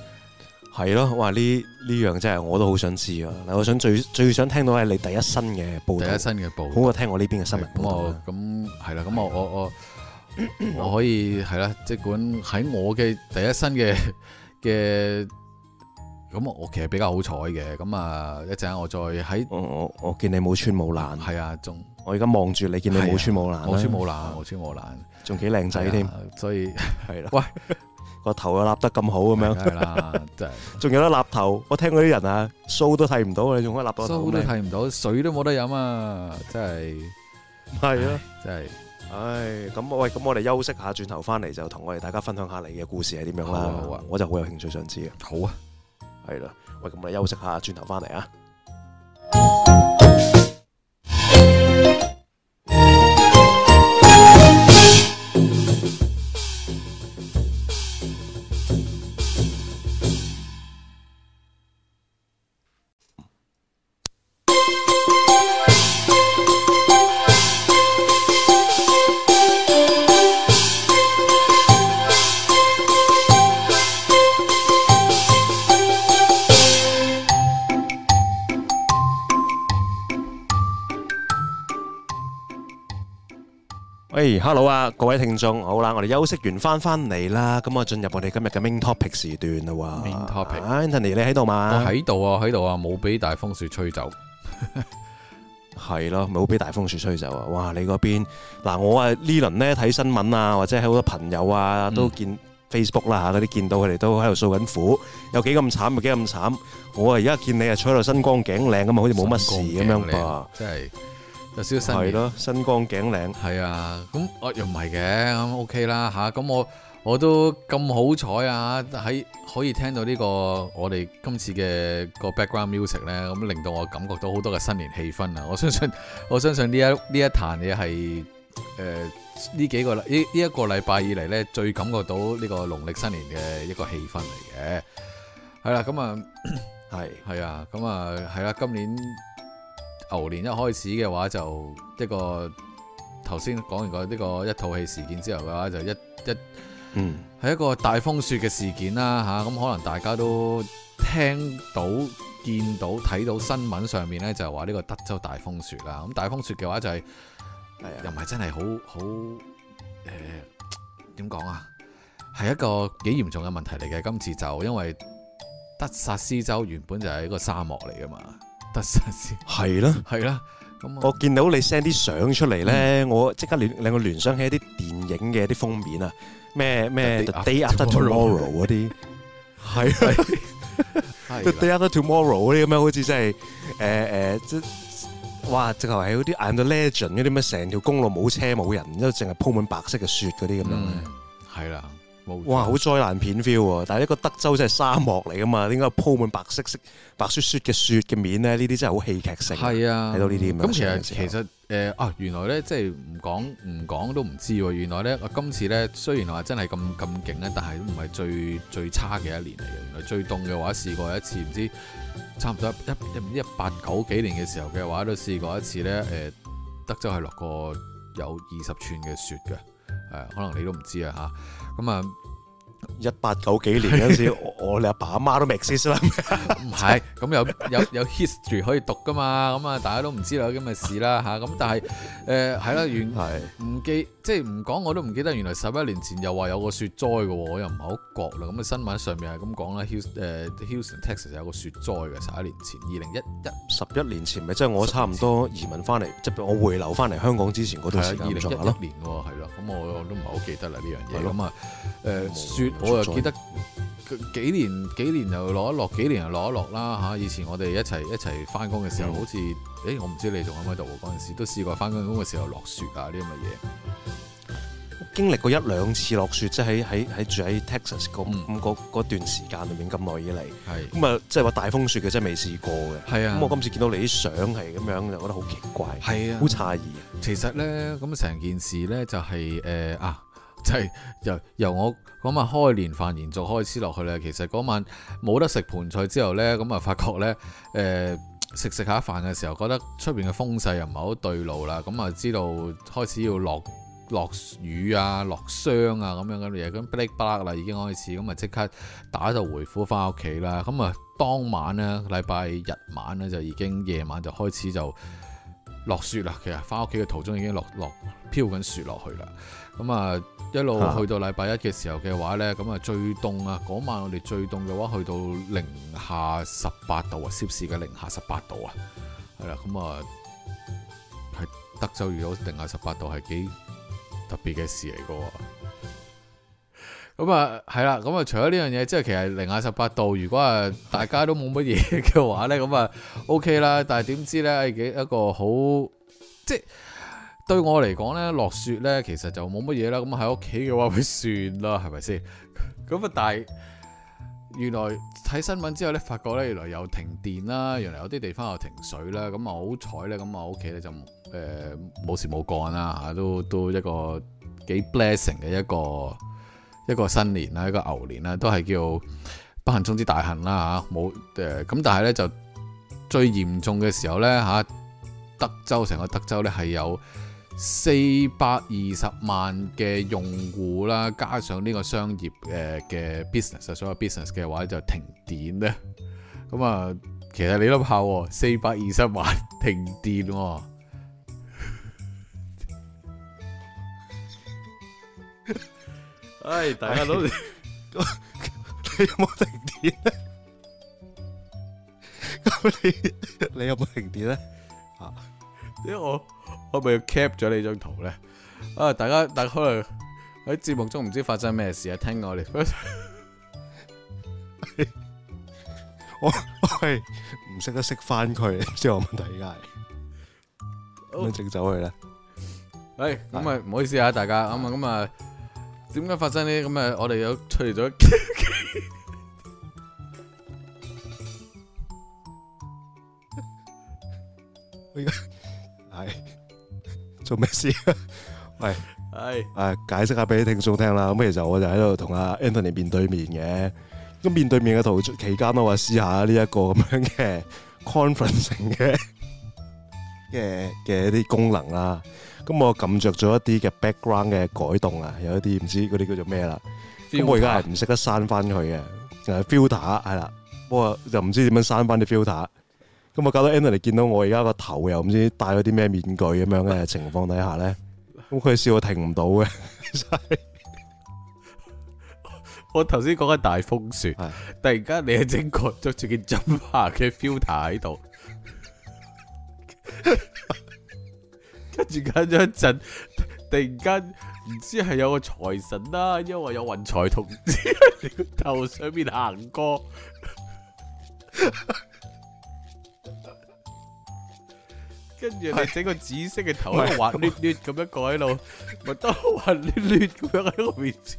係咯，哇，呢呢樣真係我都好想知啊！我想最最想聽到係你第一身嘅報第一身嘅報好啊，聽我呢邊嘅新聞報啊！咁係啦，咁、嗯嗯、我我、嗯、我 [LAUGHS] 我可以係啦，即管喺我嘅第一身嘅嘅。咁我其實比較好彩嘅，咁啊一陣我再喺我我見你冇穿冇爛，係啊，仲我而家望住你，見你冇穿冇爛，冇穿冇爛，冇穿冇爛，仲幾靚仔添，所以係啦。喂，個頭又立得咁好咁樣，係啦，仲有得立頭。我聽嗰啲人啊，show 都睇唔到，你仲可以立到 show 都睇唔到，水都冇得飲啊，真係，係啊，真係，唉，咁喂，咁我哋休息下，轉頭翻嚟就同我哋大家分享下你嘅故事係點樣啦。好啊，我就好有興趣想知啊。好啊。係啦，喂，咁我哋休息下，轉頭翻嚟啊。Hello 啊，各位聽眾，好啦，我哋休息完返返嚟啦，咁啊進入我哋今日嘅 main topic 時段啦喎。Main 題、ah, topic，Anthony 你喺度嘛？我喺度啊，喺度啊，冇俾大風雪吹走。係 [LAUGHS] 咯， [LAUGHS] 冇俾大風雪吹走啊！哇，你嗰邊嗱，我啊呢輪呢睇新聞啊，或者係好多朋友啊、嗯、都見 Facebook 啦、啊、嚇嗰啲，見到佢哋都喺度訴緊苦，有幾咁慘咪幾咁慘。我啊而家見你啊，坐到身光頸靚咁啊，好似冇乜事咁樣噃。吧有少少係咯，新光頸領。係啊，咁我又唔係嘅，咁 OK 啦吓，咁、啊、我我都咁好彩啊，喺可以聽到呢、呢個我哋今次嘅個 background music 咧，咁令到我感覺到好多嘅新年氣氛啊！我相信我相信呢一呢一壇嘢係誒呢幾個禮呢呢一個禮拜以嚟咧，最感覺到呢個農曆新年嘅一個氣氛嚟嘅。係啦，咁啊，係係啊，咁是啊，係啦、啊啊，今年。牛年一開始嘅話，就一個頭先講完個呢個一套戲事件之後嘅話，就一一，嗯，係一個大風雪嘅事件啦嚇。咁、啊、可能大家都聽到、見到、睇到新聞上面咧，就話呢個德州大風雪啦。咁大風雪嘅話就係、是，又唔係真係好好誒點講啊？係一個幾嚴重嘅問題嚟嘅。今次就因為德薩斯州原本就係一個沙漠嚟噶嘛。係啦，係啦，咁我見到你 send 啲相出嚟咧，嗯、我即刻聯令我聯想起一啲電影嘅啲封面啊，咩咩 The Day After Tomorrow 嗰啲，就是，係啊，The Day After Tomorrow 嗰啲咁樣，好似真係誒誒，即係哇，直頭係嗰啲 I Am Legend 嗰啲咩，成條公路冇車冇人，之後淨係鋪滿白色嘅雪嗰啲咁樣咧，係啦，嗯。哇，好災難片 feel 喎！但係呢個德州真係沙漠嚟㗎嘛，點解鋪滿白色、色、白雪雪嘅雪嘅面咧？呢啲真係好戲劇性。係啊，睇到呢啲咁。嗯、有其實其實誒、呃、啊，原來咧即係唔講唔講都唔知喎。原來咧，我今次咧雖然話真係咁咁勁咧，但係都唔係最最差嘅一年嚟嘅。原來最凍嘅話，試過一次唔知、唔知差唔多一一八九幾年嘅時候嘅話，都試過一次咧。誒、呃，德州係落過有二十吋嘅雪嘅，誒、嗯，可能你都唔知啊嚇。咁啊，一八九幾年嗰陣時 [LAUGHS] 我，我哋阿爸阿媽，媽都未 exist 啦，唔係，咁有有有 history 可以讀㗎嘛，咁啊，大家都唔知道有咁嘅事啦嚇，咁、 [LAUGHS] 啊、但係，誒、呃，係、嗯、啦，遠唔 [LAUGHS] 記。即係唔講我都唔記得，原來十一年前又話有個雪災嘅喎，我又唔係好覺啦。咁啊，新聞上面係咁講啦 Houston 誒 Houston Texas Houston, Houston, 有個雪災嘅十一年前，二零一一十一年前咪即係我差唔多移民翻嚟，即係我回流翻嚟香港之前嗰段時間係二零一一年喎，係咯，咁我我都唔係好記得啦呢了樣嘢。咁啊誒雪有我又記得。幾年幾年又落一落，幾年又落一落啦嚇、啊！以前我哋一齊一齊翻工嘅時候，好似誒、嗯欸，我唔知你仲喺唔可以度嗰陣時，都試過翻工嘅時候落雪啊啲咁嘅嘢。經歷過一兩次落雪，即係喺喺住喺 Texas 嗰咁嗰段時間裏面咁耐以嚟，係咁是啊！即係話大風雪嘅，真係未試過嘅。咁是、啊、我今次見到你啲相係咁樣，就覺得好奇怪，係是啊，好詫異其實咧，咁成件事咧就係、是、誒、呃、啊～就係由由我嗰晚開年飯延續開始落去咧，其實嗰晚冇得食盤菜之後呢，咁啊發覺呢，誒食食下飯嘅時候，覺得出邊嘅風勢又唔係好對路啦，咁啊知道開始要落落雨啊、落霜啊咁樣嘅嘢，咁噼哩啪啦啦已經開始，咁啊即刻打道回府翻屋企啦，咁啊當晚呢，禮拜日晚呢，就已經夜晚就開始就落雪啦。其實翻屋企嘅途中已經落落飄緊雪落去啦。咁啊，一路去到禮拜一嘅時候嘅話咧，咁啊最凍啊，嗰晚我哋最凍嘅話，去到零下十八度啊，攝氏嘅零下十八度啊，係啦，咁啊，係德州遇到零下十八度係幾特別嘅事嚟嘅。咁啊，係啦，咁啊，除咗呢樣嘢，即係其實零下十八度，如果啊大家都冇乜嘢嘅話咧，咁啊 OK 啦。但係點知咧，幾一個好即係。對我嚟講呢，落雪呢，其實就冇乜嘢啦。咁喺屋企嘅話，會算啦，係咪先咁啊？但係原來睇新聞之後呢，發覺呢原來有停電啦，原來有啲地方又停水啦。咁、呃、啊，好彩呢，咁啊，屋企呢就誒冇事冇干啦。嚇，都都一個幾 blessing 嘅一個一個新年啦，一個牛年啦，都係叫不幸中之大幸啦。嚇、啊，冇誒咁，呃、但係呢，就最嚴重嘅時候呢，嚇、啊，德州成個德州呢係有。四百二十萬嘅用戶啦，加上呢個商業誒嘅 business，所有 business 嘅話咧就停電咧。咁啊，其實你諗下，四百二十萬停電，哎，大家諗你有冇停電咧？你你有冇停電咧？啊，因為我。可唔可以 cap 咗呢張圖咧啊！大家，但可能喺節目中唔知發生咩事啊！聽我哋，我我係唔識得識翻佢，知我問題而家點？咁樣整走佢啦。哎，咁啊，唔好意思啊，大家咁啊，咁啊，點解發生呢？咁啊，我哋有出嚟咗。係。做咩事？喂誒誒，解釋下俾你聽眾聽啦。咁其實我就喺度同阿 Anthony 面對面嘅。咁面對面嘅途中期間，我話試下呢一個咁樣嘅 conference 嘅嘅嘅一啲功能啦。咁我撳著咗一啲嘅 background 嘅改動啊，有一啲唔知嗰啲叫做咩啦。咁我而家係唔識得刪翻佢嘅誒 filter 係啦。不過就唔知點樣刪翻啲 filter。咁啊，搞到 Anthony 你見到我而家個頭又唔知戴咗啲咩面具咁樣嘅情況底下咧，咁佢笑，笑停，就是，我停唔到嘅。我頭先講緊大風雪，是的 突然間你係整個着住件進化嘅 filter 喺度， [LAUGHS] 跟住跟咗一陣，突然間唔知係有個財神啦，啊，因為有運財童子你個頭上面行過。 [LAUGHS] 跟住你整個紫色嘅頭喺度滑捋捋咁樣改喺度，咪都滑捋捋咁樣喺我面前。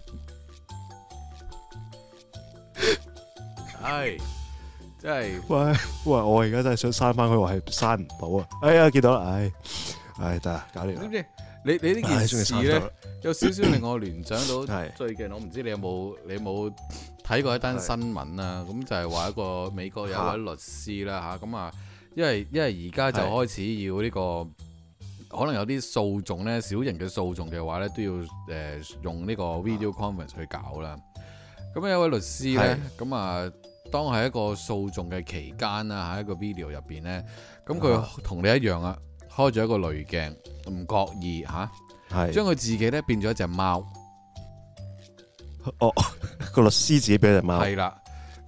係，真係。喂喂，我而家真係想刪翻佢，話係刪唔到啊！哎呀，見到啦，哎哎，得啊，搞掂。知唔知？你你呢件事咧，有少少令我聯想到，最近我唔知你有冇，你冇睇過一單新聞啊？咁就係話一個美國有位律師啦，吓咁啊。因為因為而家就開始要呢、這個，是的 可能有啲訴訟咧，小型嘅訴訟嘅話咧，都要誒、呃、用呢個 video conference 去搞啦。咁是的 有位律師咧，咁是的 啊，當喺一個訴訟嘅期間啊，喺一個 video 入邊咧，咁佢同你一樣啊，開咗一個濾鏡，唔覺意嚇，將、啊、佢是的 自己咧變咗一隻貓。哦，個 [LAUGHS] 律師自己變咗隻貓。係啦。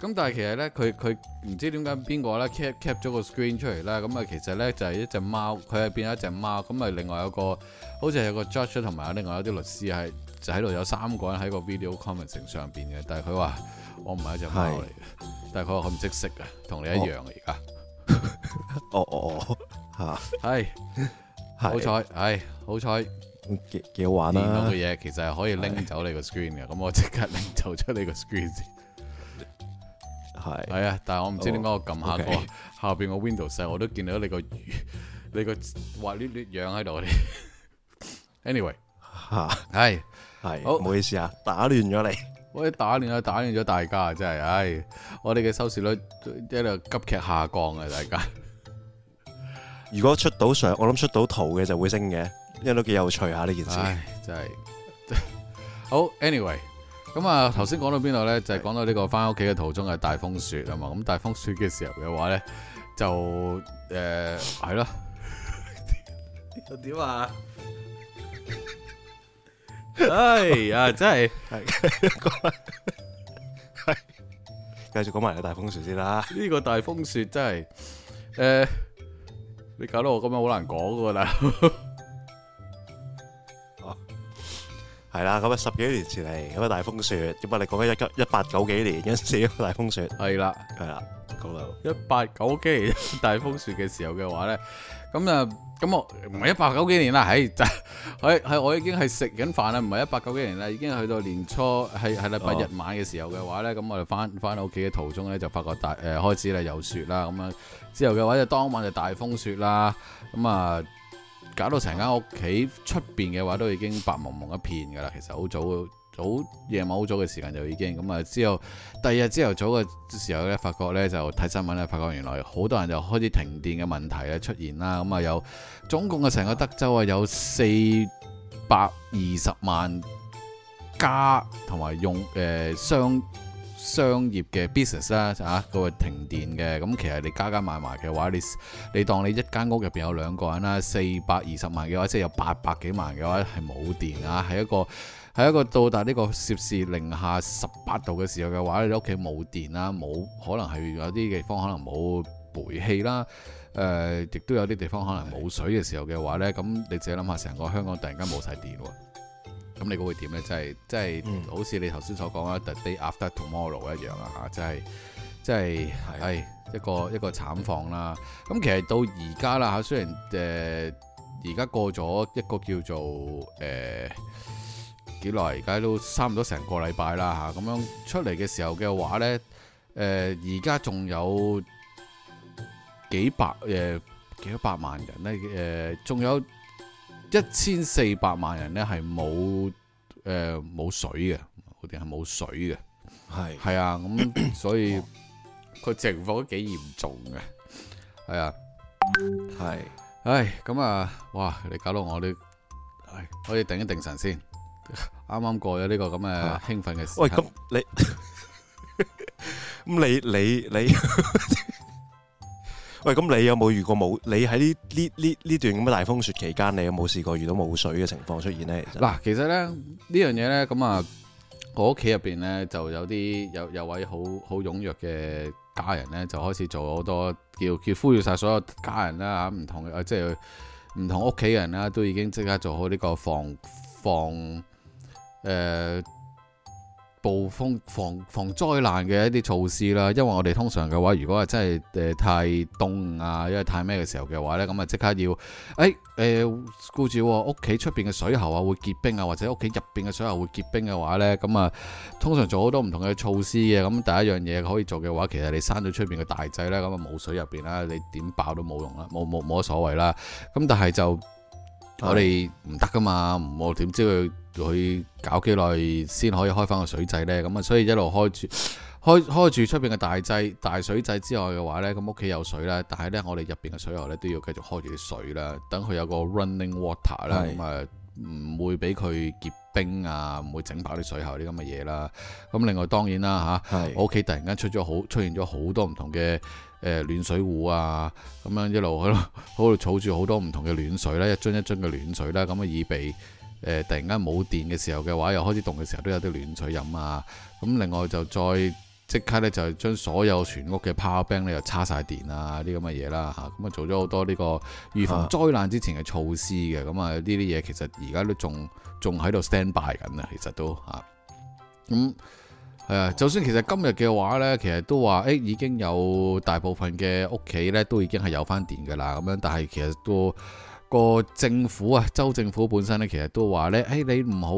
咁但係其實咧，佢佢唔知點解邊個咧 cap cap 咗個 screen 出嚟啦。咁啊其實咧就係一隻貓，佢係變咗一隻貓，咁啊另外有個好似係有個 judge 同埋另外有啲律師係就喺度有三個人喺個 video conferencing 上邊嘅，但係佢話我唔係一隻貓嚟嘅，但係佢話佢唔識識啊，同你一樣啊而家，哦哦吓，係，好彩，唉，好彩，幾好玩啊！電腦嘅嘢其實係可以拎走你，是走你個 screen 嘅，咁我即刻拎走出你個 screen 先。係，係啊，但係我唔知點解我撳下個下邊個 Windows 上，我都見到你個魚，你個滑捋捋樣喺度。Anyway，係係，好，唔好意思啊，打亂咗你，我哋打亂咗，打亂咗大家啊，真係，唉，我哋嘅收視率喺度急劇下降啊，大家。如果出到相，我諗出到圖嘅就會升嘅，因為都幾有趣啊呢件事。唉，真係。好，Anyway。咁啊，頭先講到邊度咧？就係、是、講到呢個翻屋企嘅途中係大風雪啊嘛。咁大風雪嘅時候嘅話咧，就誒係咯，呃、 [LAUGHS] 又點啊？ [LAUGHS] 哎呀、啊，真係係， [LAUGHS] [LAUGHS] [LAUGHS] 繼續講埋呢大風雪先啦。呢個大風雪真係誒、呃，你搞到我今日好難講㗎喇。 [LAUGHS] 係啦，咁啊十幾年前嚟，咁啊大風雪，點解你講緊一一八九幾年已嗰陣時嘅大風雪？係啦了，係啦了，一八九幾年大風雪嘅時候嘅話咧，咁啊咁我唔係一八九幾年啦，係就係我已經係食緊飯啦，唔係一八九幾年啦，已經去到年初喺喺禮拜日晚嘅時候嘅話咧，咁我哋翻翻到屋企嘅途中咧就發覺大誒、呃、開始咧有雪啦，咁樣之後嘅話就當晚就大風雪啦，咁啊～搞到成間屋企出邊嘅話都已經白蒙蒙一片㗎啦，其實好早早夜晚好早嘅時間就已經咁啊。之後第二日朝頭早嘅時候呢，發覺呢就睇新聞呢，發覺原來好多人就開始停電嘅問題咧出現啦。咁、嗯、啊，有總共嘅成個德州啊，有四百二十萬家同埋用誒商。呃商業嘅 business 啦嚇，佢會停電嘅，咁其實你加加埋埋嘅話，你你當你一間屋入邊有兩個人啦，四百二十萬嘅話，即係有八百幾萬嘅話係冇電啊，係一個係一個到達呢個攝氏零下十八度嘅時候嘅話，你屋企冇電啊，冇可能係有啲地方可能冇煤氣啦，誒、呃，亦都有啲地方可能冇水嘅時候嘅話呢。咁你自己諗下，成個香港突然間冇晒電喎。咁你估會點咧？即係即係，就是嗯、好似你頭先所講啦 The Day After Tomorrow 一樣啊！嚇、就是，即係即係，係一個的一個慘況啦。咁的其實到而家啦嚇，雖然誒而家過咗一個叫做誒、呃、幾耐，而家都差唔多成個禮拜啦嚇。咁樣出嚟嘅時候嘅話咧，誒而家仲有幾百誒、呃、幾百萬人咧，誒、呃、仲有。一千四百萬人咧，係冇誒冇水嘅，嗰啲係冇水嘅，係係啊，咁所以佢情況都幾嚴重嘅，係啊，係，唉，咁啊，哇，你搞到我哋係可以定一定神先，啱啱過咗呢個咁嘅興奮嘅，喂，咁你咁你你你。喂，咁你有冇遇過冇？你喺呢呢呢段咁嘅大風雪期間，你有冇試過遇到冇水嘅情況出現呢？嗱，其實呢呢樣嘢呢，咁啊，我屋企入邊呢，邊就有啲有有位好好踴躍嘅家人呢，就開始做好多叫叫呼籲晒所有家人啦嚇，唔同啊即係唔同屋企人啦，都已經即刻做好呢個防防誒。呃暴風防防災難嘅一啲措施啦，因為我哋通常嘅話，如果係真係誒太凍啊，因為太咩嘅時候嘅話呢，咁啊即刻要誒誒顧住屋企出邊嘅水喉啊會結冰啊，或者屋企入邊嘅水喉會結冰嘅話呢，咁啊通常做好多唔同嘅措施嘅。咁第一樣嘢可以做嘅話，其實你閂咗出邊嘅大掣咧，咁啊冇水入邊啦，你點爆都冇用啦，冇冇冇乜所謂啦。咁但係就、嗯、我哋唔得噶嘛，唔好點知佢？佢搞幾耐先可以開翻個水掣呢？咁啊，所以一路開住，開開住出邊嘅大掣、大水掣之外嘅話呢，咁屋企有水啦，但係呢，我哋入邊嘅水喉呢，都要繼續開住啲水啦，等佢有個 running water 啦是，咁啊唔會俾佢結冰啊，唔會整爆啲水喉啲咁嘅嘢啦。咁另外當然啦吓是、啊，我屋企突然間出咗好出現咗好多唔同嘅誒、呃、暖水壺啊，咁樣一路喺度喺度儲住好多唔同嘅暖水啦，一樽一樽嘅暖水啦，咁啊以備。誒突然間冇電嘅時候嘅話，又開始凍嘅時候都有啲暖水飲啊！咁另外就再即刻咧，就係將所有全屋嘅 power bank 咧又叉晒電啊啲咁嘅嘢啦嚇，咁啊做咗好多呢個預防災難之前嘅措施嘅，咁啊呢啲嘢其實而家都仲仲喺度 stand by 緊啊，其實都嚇咁誒，就算其實今日嘅話咧，其實都話誒、欸、已經有大部分嘅屋企咧都已經係有翻電噶啦，咁樣但係其實都。個政府啊，州政府本身咧，其實都話咧，誒你唔好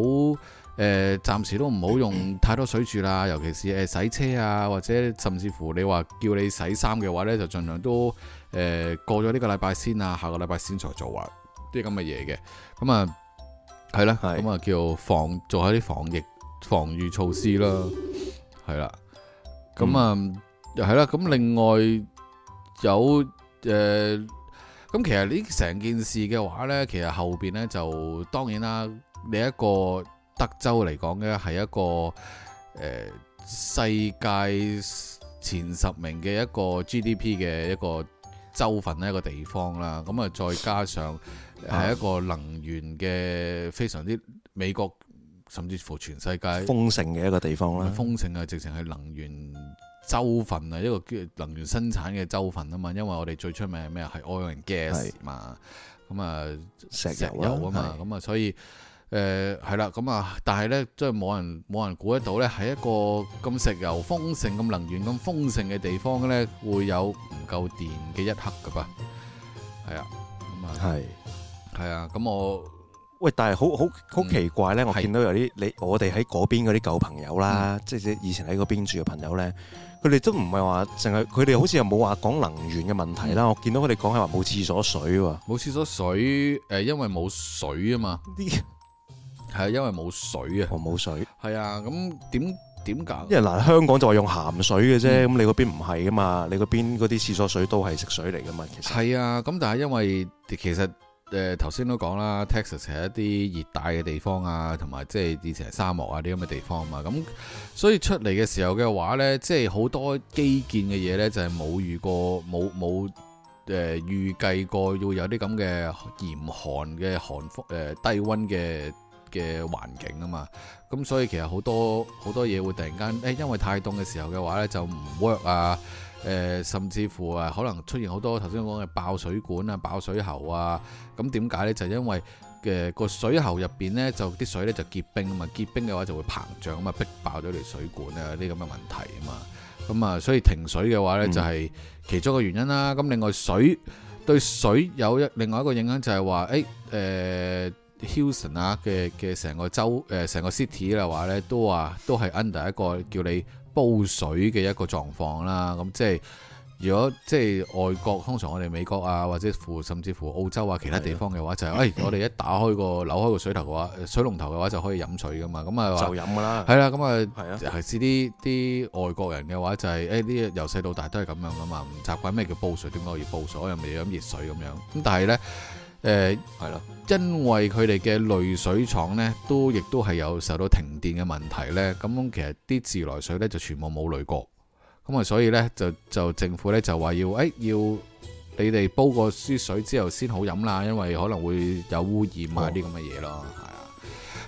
誒，暫、呃、時都唔好用太多水柱啦，尤其是誒洗車啊，或者甚至乎你話叫你洗衫嘅話咧，就儘量都誒、呃、過咗呢個禮拜先啊，下個禮拜先才做啊啲咁嘅嘢嘅。咁啊係啦，咁啊是叫防做下啲防疫防禦措施咯，係啦。咁、嗯、啊又係啦，咁另外有誒。呃咁其實呢成件事嘅話呢，其實後邊呢，就當然啦，你一個德州嚟講呢係一個誒、呃、世界前十名嘅一個 GDP 嘅一個州份，一個地方啦。咁啊，再加上係、啊、一個能源嘅非常之美國，甚至乎全世界豐盛嘅一個地方啦。豐盛啊，直情係能源。洲份啊，一個嘅能源生產嘅州份啊嘛，因為我哋最出名係咩啊？係 oil and gas 是嘛，咁、嗯、啊石油啊嘛，咁啊是、嗯，所以誒係啦，咁、呃、啊，但係咧即係冇人冇人估得到咧，喺一個咁石油豐盛、咁能源咁豐盛嘅地方咧，會有唔夠電嘅一刻噶噃，係啊，咁啊係係啊，咁我喂，但係好好好奇怪咧，我見到有啲你我哋喺嗰邊嗰啲舊朋友啦，即係、嗯、以前喺嗰邊住嘅朋友咧。佢哋都唔係話淨係，佢哋好似又冇話講能源嘅問題啦。我見到佢哋講係話冇廁所水喎。冇廁所水，誒，因為冇水啊嘛。啲係啊，因為冇水啊。我冇水。係啊，咁點點解？因為嗱，香港就話用鹹水嘅啫，咁你嗰邊唔係㗎嘛？你嗰邊嗰啲廁所水都係食水嚟噶嘛？其實係啊，咁但係因為其實。誒頭先都講啦，Texas 係一啲熱帶嘅地方啊，同埋即係以前係沙漠啊啲咁嘅地方啊嘛，咁所以出嚟嘅時候嘅話呢，即係好多基建嘅嘢呢，就係、是、冇遇過冇冇誒預計過要有啲咁嘅嚴寒嘅寒風誒低溫嘅嘅環境啊嘛，咁所以其實好多好多嘢會突然間誒、欸，因為太凍嘅時候嘅話呢，就唔 work 啊。誒甚至乎啊，可能出現好多頭先講嘅爆水管啊、爆水喉啊，咁點解咧？就係因為嘅個水喉入邊咧，就啲水咧就結冰啊嘛，結冰嘅話就會膨脹啊嘛，逼爆咗條水管啊啲咁嘅問題啊嘛，咁啊，所以停水嘅話咧，就係其中一個原因啦。咁另外水對水有一另外一個影響就係話，誒誒 Houston 啊嘅嘅成個州誒成個 city 嘅話咧，都話都係 under 一個叫你煲水嘅一個狀況啦，咁即係如果即係外國，通常我哋美國啊，或者乎甚至乎澳洲啊，其他地方嘅話就係，的哎，我哋一打開個扭開個水頭嘅話，水龍頭嘅話就可以飲水噶嘛，咁啊就飲噶啦，係啦，咁啊係啊，尤其係啲啲外國人嘅話就係、係，哎，呢由細到大都係咁樣噶嘛，唔習慣咩叫煲水，點解可以煲水，又未飲熱水咁樣，咁但係咧。誒係咯，呃、的因為佢哋嘅濾水廠呢，都亦都係有受到停電嘅問題呢咁、嗯、其實啲自來水呢，就全部冇濾過，咁、嗯、啊所以呢，就就政府呢，就話要誒、哎、要你哋煲個啲水，水之後先好飲啦，因為可能會有污染啊啲咁嘅嘢咯，係啊、哦，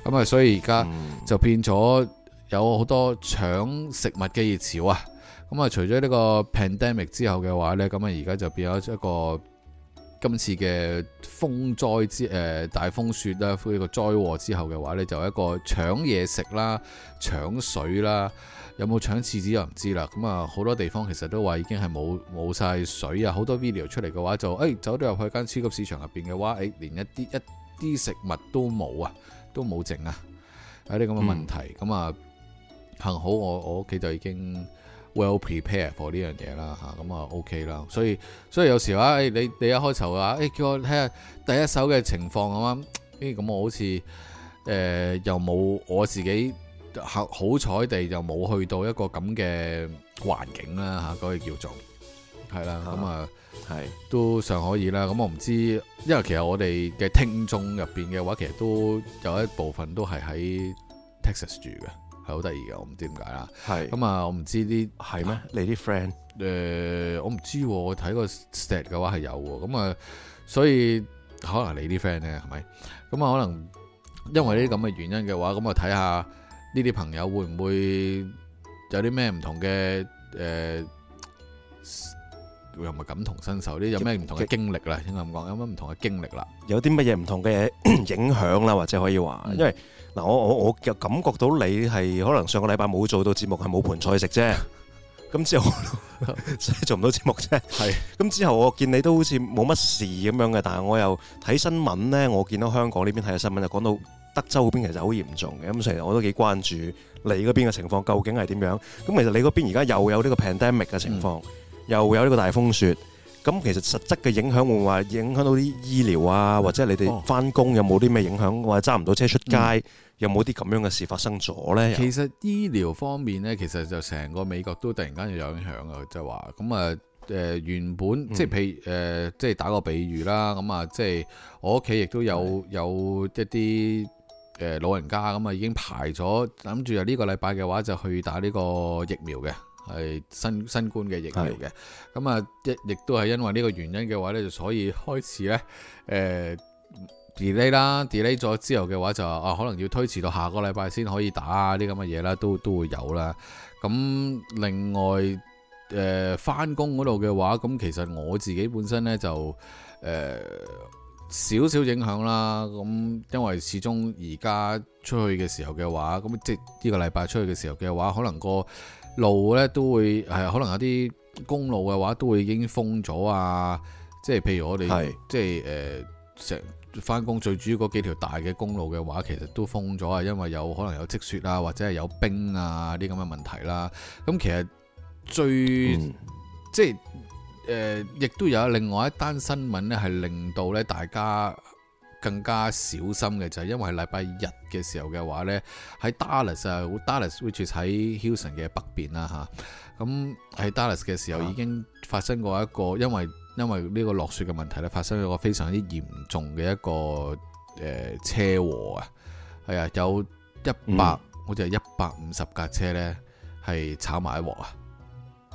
咁啊、嗯嗯、所以而家就變咗有好多搶食物嘅熱潮啊，咁、嗯、啊、嗯、除咗呢個 pandemic 之後嘅話呢，咁啊而家就變咗一個。今次嘅風災之誒、呃、大風雪啦，呢個災禍之後嘅話呢就是、一個搶嘢食啦、搶水啦，有冇搶廁紙又唔知啦。咁、嗯、啊，好多地方其實都話已經係冇冇晒水啊，好多 video 出嚟嘅話就誒、哎、走咗入去間超級市場入邊嘅話，誒、哎、連一啲一啲食物都冇啊，都冇剩啊，有啲咁嘅問題。咁啊、嗯嗯，幸好我我屋企就已經。will prepare for 呢樣嘢啦嚇，咁啊 OK 啦，所以所以有時話誒你你一開頭嘅話叫我睇下第一手嘅情況咁樣，誒、hey, 咁、hey, 欸、我好似誒、欸、又冇我自己好好彩地又冇去到一個咁嘅環境啦嚇，可以叫做係啦，咁啊係、嗯、是都尚可以啦。咁我唔知，因為其實我哋嘅聽眾入邊嘅話，其實都有一部分都係喺 Texas 住嘅。係好得意嘅，我唔知點解啦。係咁啊，我唔知啲係咩？你啲 friend？誒，我唔知喎。我睇個 stat 嘅話係有喎。咁、嗯、啊、嗯，所以可能你啲 friend 咧係咪？咁啊，可能因為呢啲咁嘅原因嘅話，咁啊睇下呢啲朋友會唔會有啲咩唔同嘅誒？呃又唔係感同身受，啲有咩唔同嘅經歷啦？應該咁講，有乜唔同嘅經歷啦？有啲乜嘢唔同嘅嘢影響啦，或者可以話，因為嗱，我我我感覺到你係可能上個禮拜冇做到節目，係冇盤菜食啫。咁之後所以做唔到節目啫。係。咁之後我見你都好似冇乜事咁樣嘅，但係我又睇新聞呢，我見到香港呢邊睇嘅新聞就講到德州嗰邊其實好嚴重嘅，咁其實我都幾關注你嗰邊嘅情況究竟係點樣。咁其實你嗰邊而家又有呢個 pandemic 嘅情況。又有呢個大風雪，咁其實實質嘅影響會唔會話影響到啲醫療啊，或者你哋翻工有冇啲咩影響，或者揸唔到車出街，嗯、有冇啲咁樣嘅事發生咗呢？其實醫療方面呢，其實就成個美國都突然間有影響啊、嗯嗯，即係話咁啊，誒原本即係譬如誒，即係打個比喻啦，咁啊，即係我屋企亦都有是的 有一啲誒老人家咁啊、嗯，已經排咗，諗住由呢個禮拜嘅話就去打呢個疫苗嘅。係新新冠嘅疫苗嘅咁啊，亦亦都係因為呢個原因嘅話呢，就所以開始呢誒 delay、呃、啦。delay 咗之後嘅話就啊，可能要推遲到下個禮拜先可以打啊，啲咁嘅嘢啦，都都會有啦。咁另外誒翻工嗰度嘅話，咁其實我自己本身呢，就誒、呃、少少影響啦。咁因為始終而家出去嘅時候嘅話，咁即呢個禮拜出去嘅時候嘅話，可能個路呢都會誒可能有啲公路嘅話都會已經封咗啊！即係譬如我哋是即係誒成返工最主要嗰幾條大嘅公路嘅話，其實都封咗啊！因為有可能有積雪啊，或者係有冰啊呢啲咁嘅問題啦。咁、嗯、其實最即係誒、呃，亦都有另外一單新聞呢，係令到呢大家。更加小心嘅就係因為係禮拜日嘅時候嘅話呢，喺 Dallas 就好 [MUSIC] Dallas，which is 喺 Houston 嘅北邊啦嚇。咁喺 Dallas 嘅時候已經發生過一個，啊、因為因為呢個落雪嘅問題咧，發生咗個非常之嚴重嘅一個誒、呃、車禍啊。係啊，有一百、嗯，好似係一百五十架車呢，係炒埋一鑊啊。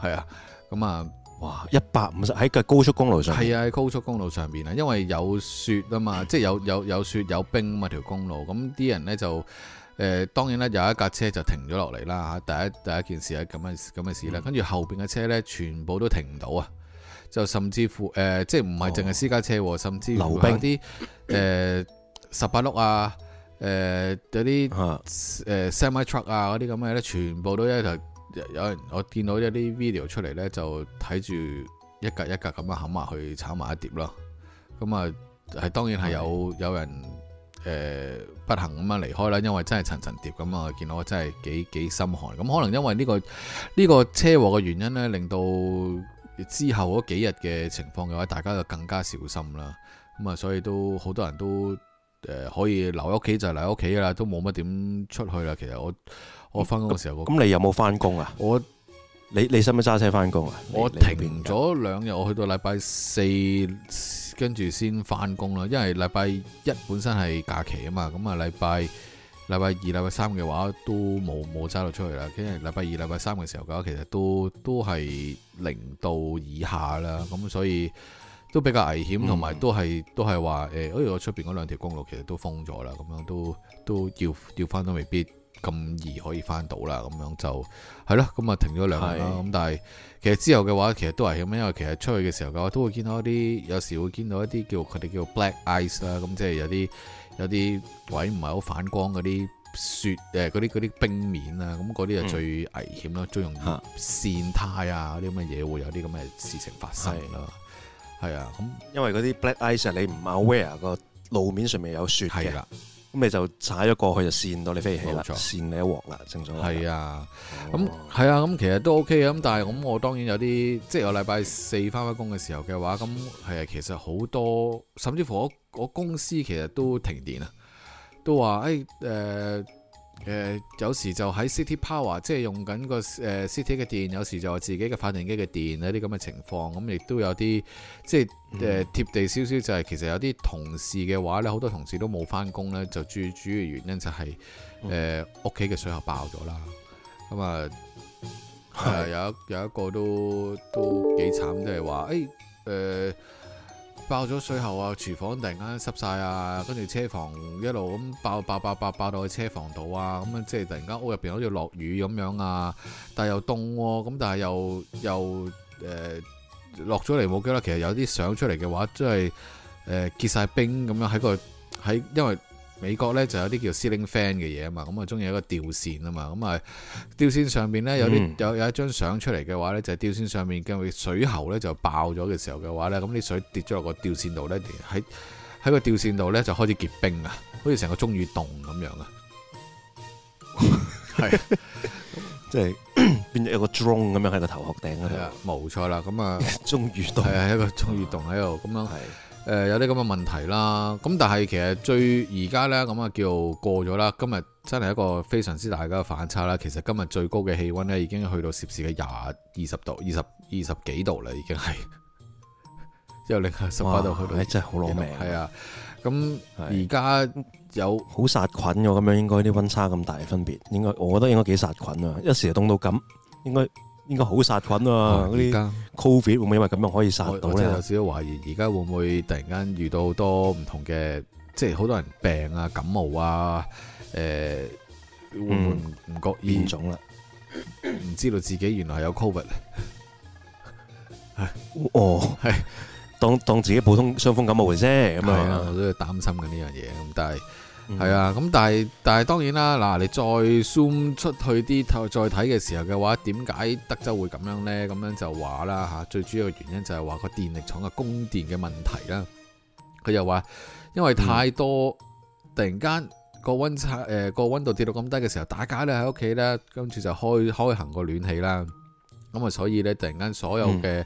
係啊，咁啊。哇！一百五十喺個高速公路上，係啊！喺高速公路上面啊，因為有雪啊嘛，即係有有有雪有冰嘛條公路，咁啲人呢就誒、呃，當然咧有一架車就停咗落嚟啦嚇，第一第一件事係咁嘅咁嘅事啦，跟住、嗯、後邊嘅車呢，全部都停唔到啊，就甚至乎誒、呃，即係唔係淨係私家車，哦、甚至乎有啲誒十八碌啊，誒、呃、啲誒 semi、嗯呃、truck 啊嗰啲咁嘅呢，全部都喺度。有人我見到一啲 video 出嚟呢，就睇住一格一格咁樣冚埋去炒埋一碟咯。咁、嗯、啊，係當然係有的有人誒、呃、不幸咁樣離開啦，因為真係層層疊咁啊，嗯、我見到我真係幾幾心寒。咁、嗯、可能因為呢、呢個呢、呢個車禍嘅原因呢，令到之後嗰幾日嘅情況嘅話，大家就更加小心啦。咁、嗯、啊，所以都好多人都誒、呃、可以留喺屋企就係留喺屋企啦，都冇乜點出去啦。其實我。我翻工嘅時候，咁你有冇翻工啊？我你你使唔使揸車翻工啊？我停咗兩日，我去到禮拜四，跟住先翻工啦。因為禮拜一本身係假期啊嘛，咁啊禮拜禮拜二、禮拜三嘅話都冇冇揸到出去啦。因為禮拜二、禮拜三嘅時候嘅話，其實都都係零度以下啦，咁所以都比較危險，同埋都係都係話誒，呃，好似我出邊嗰兩條公路其實都封咗啦，咁樣都都要要翻都未必。咁易可以翻到啦，咁樣就係咯，咁啊停咗兩日啦。咁是但係其實之後嘅話，其實都係咁，因為其實出去嘅時候嘅話，我都會見到一啲，有時會見到一啲叫佢哋叫 black ice 啦、啊。咁即係有啲有啲位唔係好反光嗰啲雪誒，嗰啲啲冰面、嗯、啊，咁嗰啲啊最危險咯，最容易跣胎啊，嗰啲咁嘅嘢會有啲咁嘅事情發生咯。係是啊，咁因為嗰啲 black ice 你唔 aware 個路面上面有雪嘅。咁、嗯、你就踩咗過去就扇到你飛起啦，扇錯你一鑊啦，正所謂係啊，咁係、哦嗯、啊，咁、嗯、其實都 OK 嘅。咁但係咁我當然有啲，即係我禮拜四翻返工嘅時候嘅話，咁係啊，其實好多，甚至乎我我公司其實都停電啊，都話誒誒。欸呃誒、呃、有時就喺 City Power 即係用緊個誒、呃、City 嘅電，有時就係自己嘅發電機嘅電呢啲咁嘅情況，咁亦都有啲即係誒、呃、貼地少少、就係，就係其實有啲同事嘅話咧，好多同事都冇翻工咧，就主要主要原因就係誒屋企嘅水喉爆咗啦。咁啊，有有一個都 [LAUGHS] 都幾慘，即係話誒誒。哎呃爆咗水喉啊，廚房突然間濕晒啊，跟住車房一路咁爆爆爆爆爆到去車房度啊，咁啊即係突然間屋入邊好似落雨咁樣啊，但係又凍喎，咁但係又又誒落咗嚟冇計啦，其實有啲相出嚟嘅話，即係誒結晒冰咁樣喺個喺因為。美國咧就有啲叫 ceiling fan 嘅嘢啊嘛，咁啊中意一個吊扇啊嘛，咁、嗯、啊、嗯、吊扇上面咧，有啲有有一張相出嚟嘅話咧，就係、是、吊扇上邊嘅水喉咧就爆咗嘅時候嘅話咧，咁啲水跌咗落個吊扇度咧，喺喺個吊扇度咧就開始結冰啊，好似成個鐘乳洞咁樣 [LAUGHS] [LAUGHS] 啊，係即係變咗一個鐘咁樣喺個頭殼頂嗰度，冇、嗯、錯啦，咁、嗯、啊 [LAUGHS] 鐘乳洞係、嗯啊、一個鐘乳洞喺度咁樣。嗯誒、呃，有啲咁嘅問題啦，咁但係其實最而家呢，咁啊叫過咗啦。今日真係一個非常之大嘅反差啦。其實今日最高嘅氣溫呢，已經去到攝氏嘅廿二十度、二十二十幾度啦，已經係之後零下十八度去到度。真係好攞命，啊。係啊，咁而家有好殺菌㗎，咁樣應該啲溫差咁大嘅分別，應該我覺得應該幾殺菌啊！一時就凍到咁，應該。應該好殺菌啊！嗰啲在 Covid 會唔會因為咁樣可以殺到咧？我真有少少懷疑，而家會唔會突然間遇到好多唔同嘅，即係好多人病啊、感冒啊，誒、呃、會唔唔覺變種啦？唔 [COUGHS] 知道自己原來有 Covid， [LAUGHS] 哦，係 [LAUGHS] [LAUGHS] 當當自己普通傷風感冒嘅啫，咁係啊！我都係擔心緊呢樣嘢咁，但係。係啊，咁但係但係當然啦，嗱，你再 zoom 出去啲再睇嘅時候嘅話，點解德州會咁樣呢？咁樣就話啦嚇，最主要嘅原因就係話個電力廠嘅供電嘅問題啦。佢又話因為太多，嗯、突然間個温差誒個温度跌到咁低嘅時候，大家呢喺屋企呢，跟住就開開行個暖氣啦。咁啊，所以呢，突然間所有嘅。嗯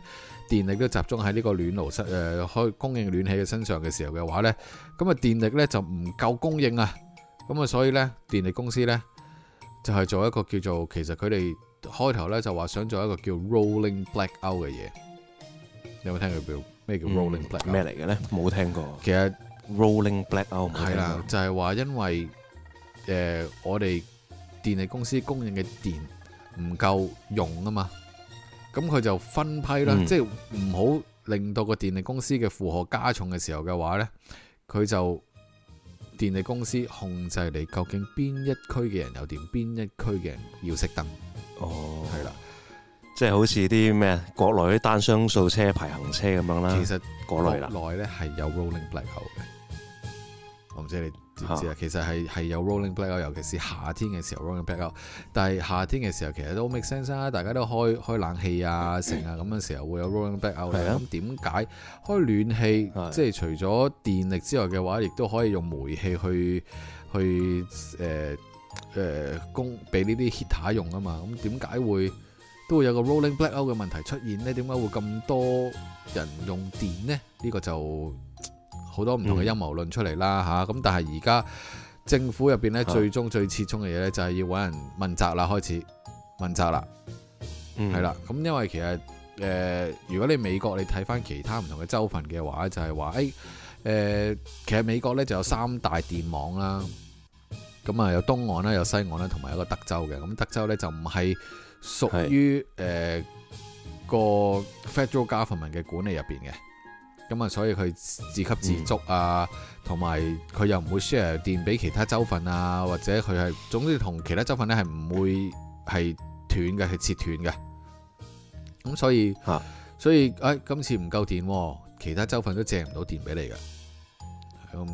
電力都集中喺呢個暖爐身，誒，開供應暖氣嘅身上嘅時候嘅話呢，咁啊電力呢就唔夠供應啊，咁啊所以呢電力公司呢就係做一個叫做，其實佢哋開頭呢就話想做一個叫 rolling blackout 嘅嘢，你有冇聽佢叫咩叫 rolling black 咩嚟嘅呢？冇聽過。其實 rolling blackout 係啦，就係話因為誒我哋電力公司供應嘅電唔夠用啊嘛。咁佢就分批啦，嗯、即係唔好令到個電力公司嘅負荷加重嘅時候嘅話呢，佢就電力公司控制你究竟邊一區嘅人有電，邊一區嘅人要熄燈。哦，係啦的，即係好似啲咩啊，國內啲單雙數車牌行車咁樣啦。其實國內咧係有 rolling blackout 嘅，我唔知你知唔知啊？其實係係有 rolling blackout，尤其是夏天嘅時候 rolling blackout。但係夏天嘅時候其實都 make sense 啊，大家都開開冷氣啊，成日咁嘅時候會有 rolling blackout 啦、啊。咁點解開暖氣、啊、即係除咗電力之外嘅話，亦都可以用煤氣去去誒誒、呃呃、供俾呢啲 heater 用啊嘛。咁點解會都會有個 rolling blackout 嘅問題出現呢？點解會咁多人用電呢？呢、呢個就～好多唔同嘅陰謀論出嚟啦吓，咁、嗯、但係而家政府入邊咧，最終最切中嘅嘢呢，就係要揾人問責啦，開始問責啦，嗯，係啦，咁因為其實誒、呃，如果你美國你睇返其他唔同嘅州份嘅話，就係話誒誒，其實美國呢就有三大電網啦，咁啊有東岸啦，有西岸啦，同埋一個德州嘅，咁德州呢就唔係屬於誒的、呃、個 federal government 嘅管理入邊嘅。咁啊，所以佢自給自足啊，同埋佢又唔會 share 電俾其他州份啊，或者佢係，總之同其他州份咧係唔會係斷嘅，係切斷嘅。咁所以，啊、所以，哎，今次唔夠電、哦，其他州份都借唔到電俾你嘅。呢、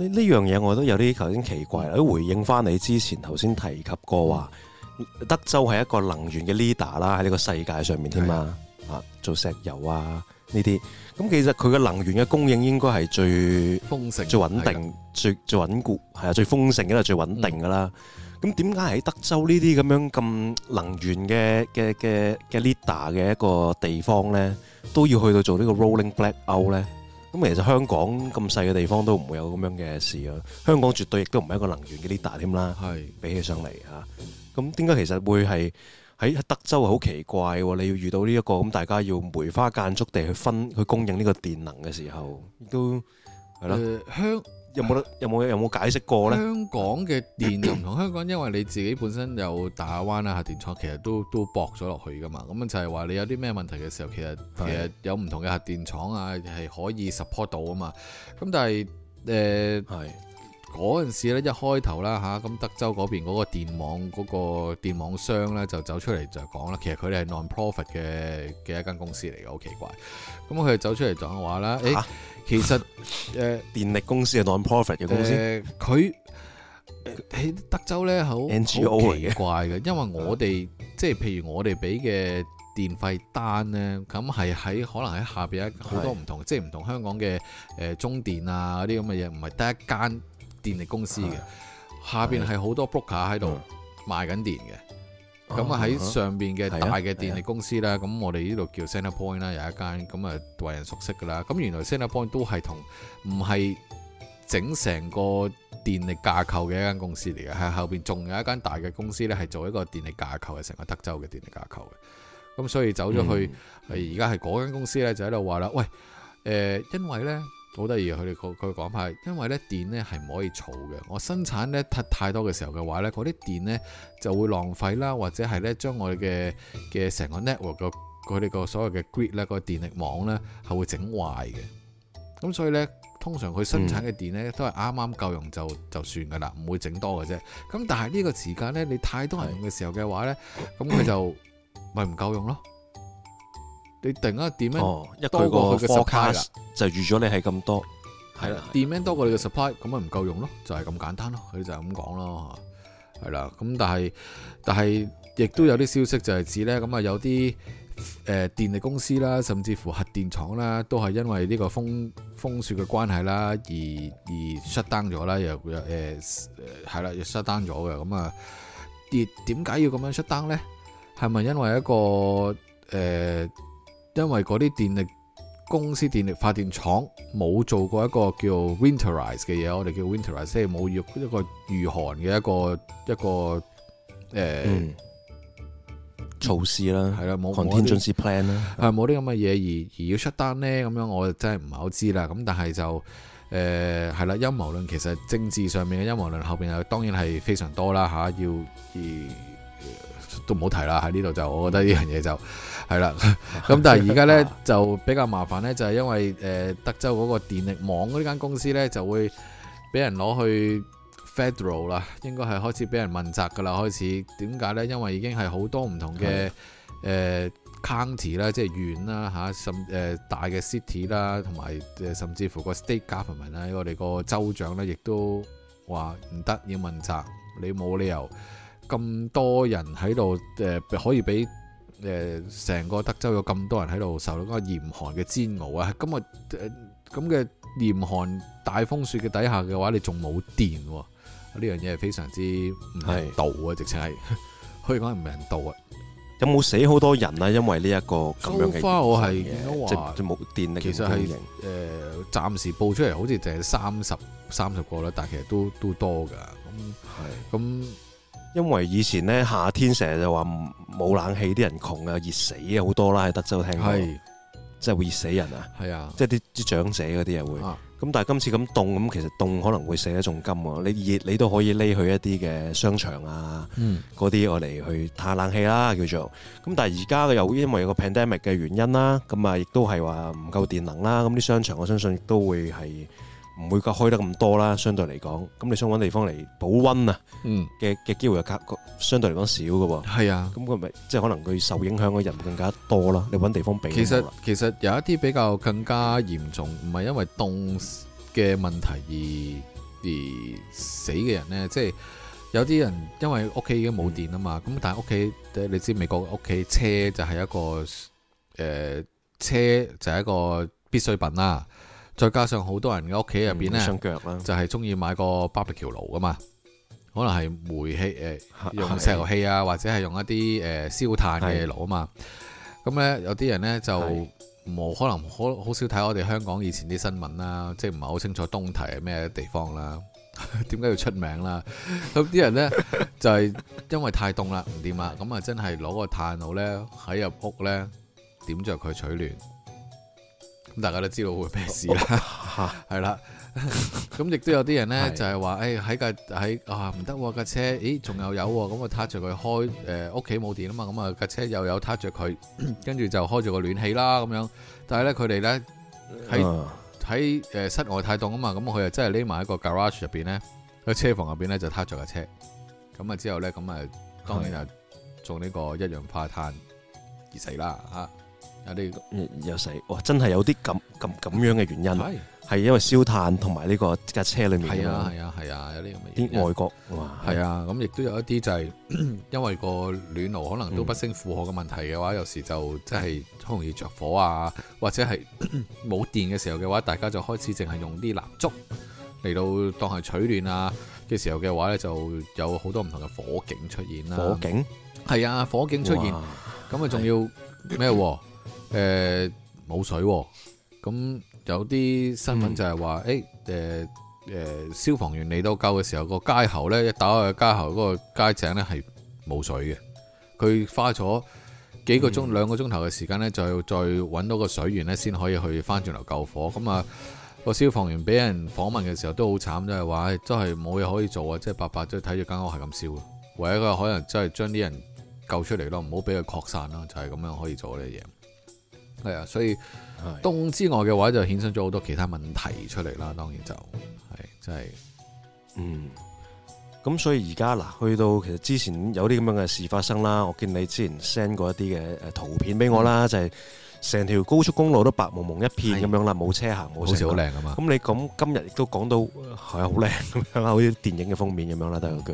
嗯、呢樣嘢我都有啲頭先奇怪啦，回應翻你之前頭先提及過話，嗯、德州係一個能源嘅 leader 啦，喺呢個世界上面添啊，是啊，啊，做石油啊呢啲。咁其實佢嘅能源嘅供應應該係最豐盛、最穩定、最最穩固，係啊，最豐盛嘅啦、最穩定嘅啦。咁點解喺德州呢啲咁樣咁能源嘅嘅嘅嘅 leader 嘅一個地方咧，都要去到做呢個 rolling blackout 咧？咁其實香港咁細嘅地方都唔會有咁樣嘅事啊！香港絕對亦都唔係一個能源嘅 leader 添啦，係比起上嚟吓。咁點解其實會係？喺德州好奇怪喎！你要遇到呢、這、一個咁，大家要梅花間竹地去分去供應呢個電能嘅時候，都係咯。香、呃、有冇得有冇有冇解釋過咧？香港嘅電能，唔同香港，因為你自己本身有大亞灣啊、核電廠，其實都都駁咗落去噶嘛。咁就係話你有啲咩問題嘅時候，其實其實有唔同嘅核電廠啊係可以 support 到啊嘛。咁但係誒係。呃嗰陣時咧，一開頭啦嚇，咁德州嗰邊嗰個電網嗰個電網商咧，就走出嚟就講啦，其實佢哋係 non-profit 嘅嘅一間公司嚟嘅，好奇怪。咁佢哋走出嚟講話啦，誒、欸，其實誒、呃、電力公司係 non-profit 嘅公司，佢喺、呃、德州咧好好奇怪嘅，因為我哋即係譬如我哋俾嘅電費單咧，咁係喺可能喺下邊一好多唔同，是即係唔同香港嘅誒、呃、中電啊嗰啲咁嘅嘢，唔係得一間。電力公司嘅、uh huh. 下邊係好多 broker 喺度賣緊電嘅，咁啊喺上邊嘅大嘅電力公司啦，咁、uh huh. 我哋呢度叫 CenterPoint 啦，有一間咁啊為人熟悉嘅啦。咁原來 CenterPoint 都係同唔係整成個電力架構嘅一間公司嚟嘅，喺後邊仲有一間大嘅公司呢係做一個電力架構嘅，成個德州嘅電力架構嘅。咁所以走咗去，而家係嗰間公司呢，就喺度話啦，喂，誒、呃，因為呢。好得意啊！佢哋個佢嘅講法，因為咧電咧係唔可以儲嘅。我生產咧太多嘅時候嘅話咧，嗰啲電咧就會浪費啦，或者係咧將我哋嘅嘅成個 network 個佢哋個所謂嘅 grid 咧個電力網咧係會整壞嘅。咁所以咧，通常佢生產嘅電咧都係啱啱夠用就就算㗎啦，唔會整多嘅啫。咁但係呢個時間咧，你太多人用嘅時候嘅話咧，咁佢就咪唔夠用咯。你定啊、哦，間 demand 多過佢嘅 supply Fore cast 了就預咗你係咁多係啦。Demand 多過你嘅 supply，咁咪唔夠用咯，就係、是、咁簡單咯。佢就係咁講咯，係啦。咁但係但係亦都有啲消息就係指咧，咁啊有啲誒、呃、電力公司啦，甚至乎核電廠啦，都係因為呢個風風雪嘅關係啦，而而 shut down 咗啦，又又誒係啦，又 shut down 咗嘅咁啊。而點解、呃、要咁樣 shut down 咧？係咪因為一個誒？呃因為嗰啲電力公司、電力發電廠冇做過一個叫 winterize 嘅嘢，我哋叫 winterize，即係冇一個禦寒嘅一個一個誒、呃嗯、措施啦，係啦、嗯，冇 contingency plan 啦沒，係冇啲咁嘅嘢而而要出單呢，咁樣我真就真係唔係好知啦。咁但係就誒係啦，陰謀論其實政治上面嘅陰謀論後邊又當然係非常多啦，吓，要而。而都唔好提啦，喺呢度就我覺得呢樣嘢就係啦。咁、嗯、的 [LAUGHS] 但係而家呢，就比較麻煩呢，就係、是、因為誒、呃、德州嗰個電力網嗰間公司呢，就會俾人攞去 Federal 啦，應該係開始俾人問責噶啦。開始點解呢？因為已經係好多唔同嘅誒 county 啦，是的 呃、county，即係縣啦嚇，甚誒、呃、大嘅 city 啦、啊，同埋甚至乎個 state government 啊，我哋個州長呢，亦都話唔得要問責，你冇理由。咁多人喺度誒，可以俾誒成個德州有咁多人喺度受到嗰個嚴寒嘅煎熬啊！咁啊，咁、呃、嘅嚴寒大風雪嘅底下嘅話，你仲冇電喎？呢、哦、樣嘢係非常之唔人道啊！是直情係可以講係唔人道啊！有冇死好多人啊？因為呢一個咁樣嘅花，so、我係即冇電力嘅經營誒、呃。暫時報出嚟好似就係三十三十個啦，但係其實都都多㗎。咁係咁。因為以前咧夏天成日就話冇冷氣，啲人窮啊，熱死啊好多啦喺德州聽講，係即係會熱死人啊，係啊，即係啲啲長者嗰啲又會，咁、啊、但係今次咁凍咁，其實凍可能會死得仲金喎。你熱你都可以匿去一啲嘅商場啊，嗰啲我嚟去嘆冷氣啦叫做。咁但係而家又因為有個 pandemic 嘅原因啦，咁啊亦都係話唔夠電能啦，咁啲商場我相信亦都會係。唔會夠開得咁多啦，相對嚟講，咁你想揾地方嚟保溫、嗯、啊？嘅嘅機會又較相對嚟講少嘅喎。係啊，咁佢咪即係可能佢受影響嘅人更加多啦。你揾地方避，其實其實有一啲比較更加嚴重，唔係因為凍嘅問題而而死嘅人呢。即、就、係、是、有啲人因為屋企已經冇電啊嘛。咁、嗯、但係屋企你知美國屋企車就係一個誒、呃、車就係一個必需品啦。再加上好多人嘅屋企入邊呢，面呢就係中意買個 barbecue 爐噶嘛，可能係煤氣誒，呃、是用石油氣啊，或者係用一啲誒燒炭嘅爐啊嘛。咁是呢，有啲人呢就冇可能，好好少睇我哋香港以前啲新聞啦，即係唔係好清楚東堤係咩地方啦，點 [LAUGHS] 解要出名啦？咁啲人呢， [LAUGHS] 就係因為太凍啦，唔掂啦，咁啊真係攞個炭爐呢，喺入屋呢點着佢取暖。咁大家都知道會咩事啦， [LAUGHS] 哎，係啦。咁亦都有啲人咧，就係話，誒喺架喺啊唔得喎架車，咦，仲又有咁啊，撻着佢開誒屋企冇電啊嘛，咁啊架車又有撻着佢，跟住 [COUGHS] 就開著個暖氣啦咁樣。但係咧佢哋咧喺喺誒室外太凍啊嘛，咁佢又真係匿埋喺個 garage 入邊咧，喺車房入邊咧就撻着架車。咁啊之後咧，咁啊當然就中呢個一氧化碳而死啦，嚇、啊。有啲有死，哇！真係有啲咁咁咁樣嘅原因，係因為燒炭同埋呢個架車裏面。係啊係啊係啊，有啲咁嘅嘢。啲外國。係啊，咁亦都有一啲就係因為個暖爐可能都不勝負荷嘅問題嘅話，有時就真係好容易着火啊！或者係冇電嘅時候嘅話，大家就開始淨係用啲蠟燭嚟到當係取暖啊嘅時候嘅話咧，就有好多唔同嘅火警出現啦。火警？係啊，火警出現，咁啊仲要咩喎？誒冇、呃、水喎、哦，咁有啲新聞就係話，誒誒誒消防員嚟到救嘅時候，個街喉咧，一打開個街喉嗰個街井咧係冇水嘅。佢花咗幾個鐘、嗯、兩個鐘頭嘅時間咧，就再揾到個水源咧先可以去翻轉頭救火。咁、那、啊個消防員俾人訪問嘅時候都好慘，就係、是、話、欸、真係冇嘢可以做啊，即係白白即係睇住間屋係咁燒啊，唯一嘅可能真係將啲人救出嚟咯，唔好俾佢擴散咯，就係、是、咁樣可以做呢啲嘢。係啊，所以凍之外嘅話就衍生咗好多其他問題出嚟啦。當然就係真係，嗯，咁所以而家嗱，去到其實之前有啲咁樣嘅事發生啦。我見你之前 send 過一啲嘅誒圖片俾我啦，嗯、就係成條高速公路都白蒙蒙一片咁樣啦，冇的車行，好似好靚啊嘛。咁你咁今日亦都講到係 [LAUGHS] 好靚咁樣啦，好似電影嘅封面咁樣啦，都係一句。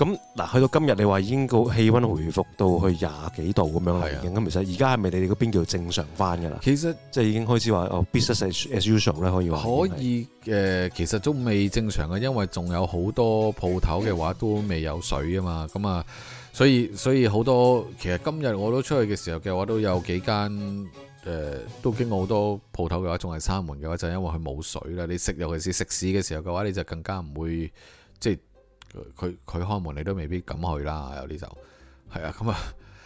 咁嗱，去到今日你話已經個氣温回復到去廿幾度咁樣啦，已經咁其實而家係咪你哋嗰邊叫正常翻㗎啦？其實即係已經開始話哦、oh，business as, as usual 咧，可以話可以誒，其實都未正常嘅，因為仲有好多鋪頭嘅話都未有水啊嘛，咁啊，所以所以好多其實今日我都出去嘅時候嘅話，都有幾間誒、呃、都經過好多鋪頭嘅話仲係閂門嘅話，就係、因為佢冇水啦。你食尤其是食肆嘅時候嘅話，你就更加唔會即係。佢佢佢開門，你都未必敢去啦。有啲就係啊，咁、嗯、啊，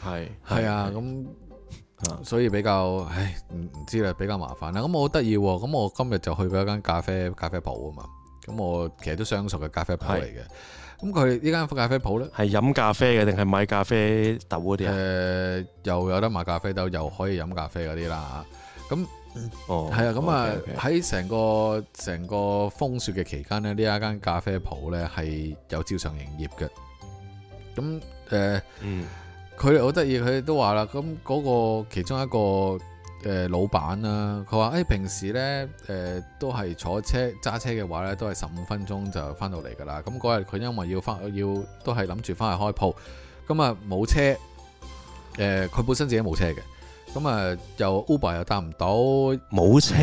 係係、嗯、啊，咁、嗯、所以比較唉唔唔知啦，比較麻煩啦。咁我好得意喎。咁、嗯、我今日就去嗰間咖啡咖啡鋪啊嘛。咁、嗯、我其實都相熟嘅咖啡鋪嚟嘅。咁佢呢間咖啡鋪咧，係飲咖啡嘅定係買咖啡豆嗰啲啊？誒又有得買咖啡豆，又可以飲咖啡嗰啲啦。咁、嗯。嗯哦，係啊的，咁啊喺成個成個風雪嘅期間呢，呢一間咖啡鋪呢係有照常營業嘅。咁誒，呃、嗯，佢哋好得意，佢哋都話啦，咁嗰個其中一個誒、呃、老闆啦、啊，佢話誒平時呢誒、呃、都係坐車揸車嘅話呢，都係十五分鐘就翻到嚟噶啦。咁嗰日佢因為要翻要都係諗住翻去開鋪，咁啊冇車，誒、呃、佢本身自己冇車嘅。咁啊，又 Uber 又搭唔到，冇車，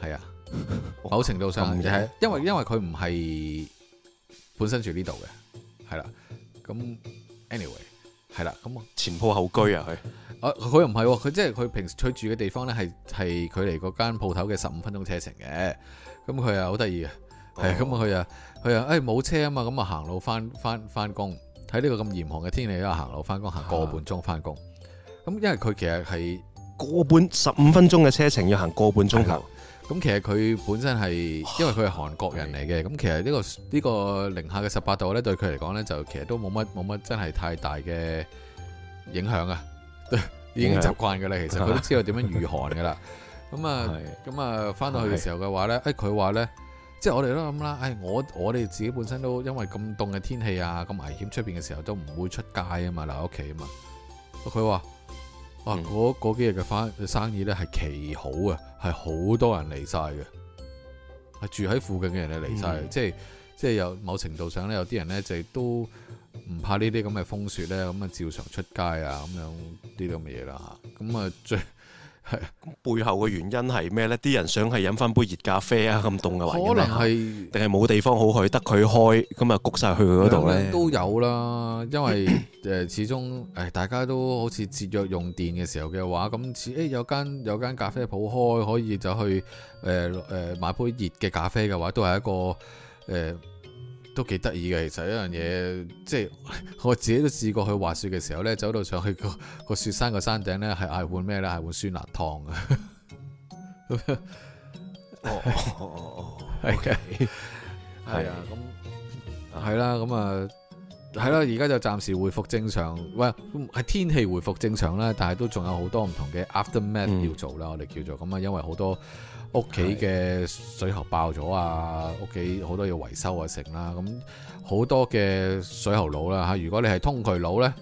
係啊， [LAUGHS] 某程度上就係因為因為佢唔係本身住呢度嘅。係啦，咁 anyway 係啦，咁啊前鋪後居啊佢，啊佢又唔係，佢即係佢平時佢住嘅地方咧，係係佢離嗰間鋪頭嘅十五分鐘車程嘅，咁佢啊好得意啊。係咁啊佢啊佢啊，誒冇、哎、車啊嘛，咁啊行路翻翻翻，翻工，喺呢個咁嚴寒嘅天氣都行路翻工，行個半鐘翻工。咁因為佢其實係個半十五分鐘嘅車程要行個半鐘頭，咁其實佢本身係因為佢係韓國人嚟嘅，咁唉其實呢個呢個零下嘅十八度咧，對佢嚟講咧就其實都冇乜冇乜真係太大嘅影響啊，已經習慣㗎喇。唉其實佢都知道點樣御寒㗎喇。咁啊咁啊返到去嘅時候嘅話咧，誒佢話咧，即係我哋都諗啦，誒我我哋自己本身都因為咁凍嘅天氣啊，咁危險出邊嘅時候都唔會出街啊嘛，留喺屋企啊嘛。佢話。哇！嗰、啊、幾日嘅翻嘅生意咧係奇好啊，係好多人嚟晒嘅，係住喺附近嘅人咧嚟晒，即係即係有某程度上咧，有啲人咧就係、都唔怕呢啲咁嘅風雪咧，咁、嗯、啊照常出街啊，咁樣啲咁嘅嘢啦嚇，咁啊、嗯、最。係背後嘅原因係咩呢？啲人想係飲翻杯熱咖啡啊，咁凍嘅話，可能係，定係冇地方好去，得佢開咁啊，焗曬去嗰度呢？兩兩兩都有啦。因為誒， [COUGHS] 始終誒、哎，大家都好似節約用電嘅時候嘅話，咁似誒、哎，有間有間咖啡鋪開可以就去誒誒、呃呃、買杯熱嘅咖啡嘅話，都係一個誒。呃都幾得意嘅，其實一樣嘢，即係我自己都試過去滑雪嘅時候咧，走到上去個個雪山個山頂咧，係嗌碗咩啦？係碗酸辣湯啊！哦哦哦哦，係啊、嗯，咁係、嗯、啦，咁啊係啦，而家就暫時回復正常，喂，係天氣回復正常啦，但係都仲有好多唔同嘅 aftermath 要做啦，我哋叫做咁啊，因為好多。屋企嘅水喉爆咗啊！屋企好多要維修啊成啦，咁好多嘅水喉佬啦嚇。如果你係通渠佬呢，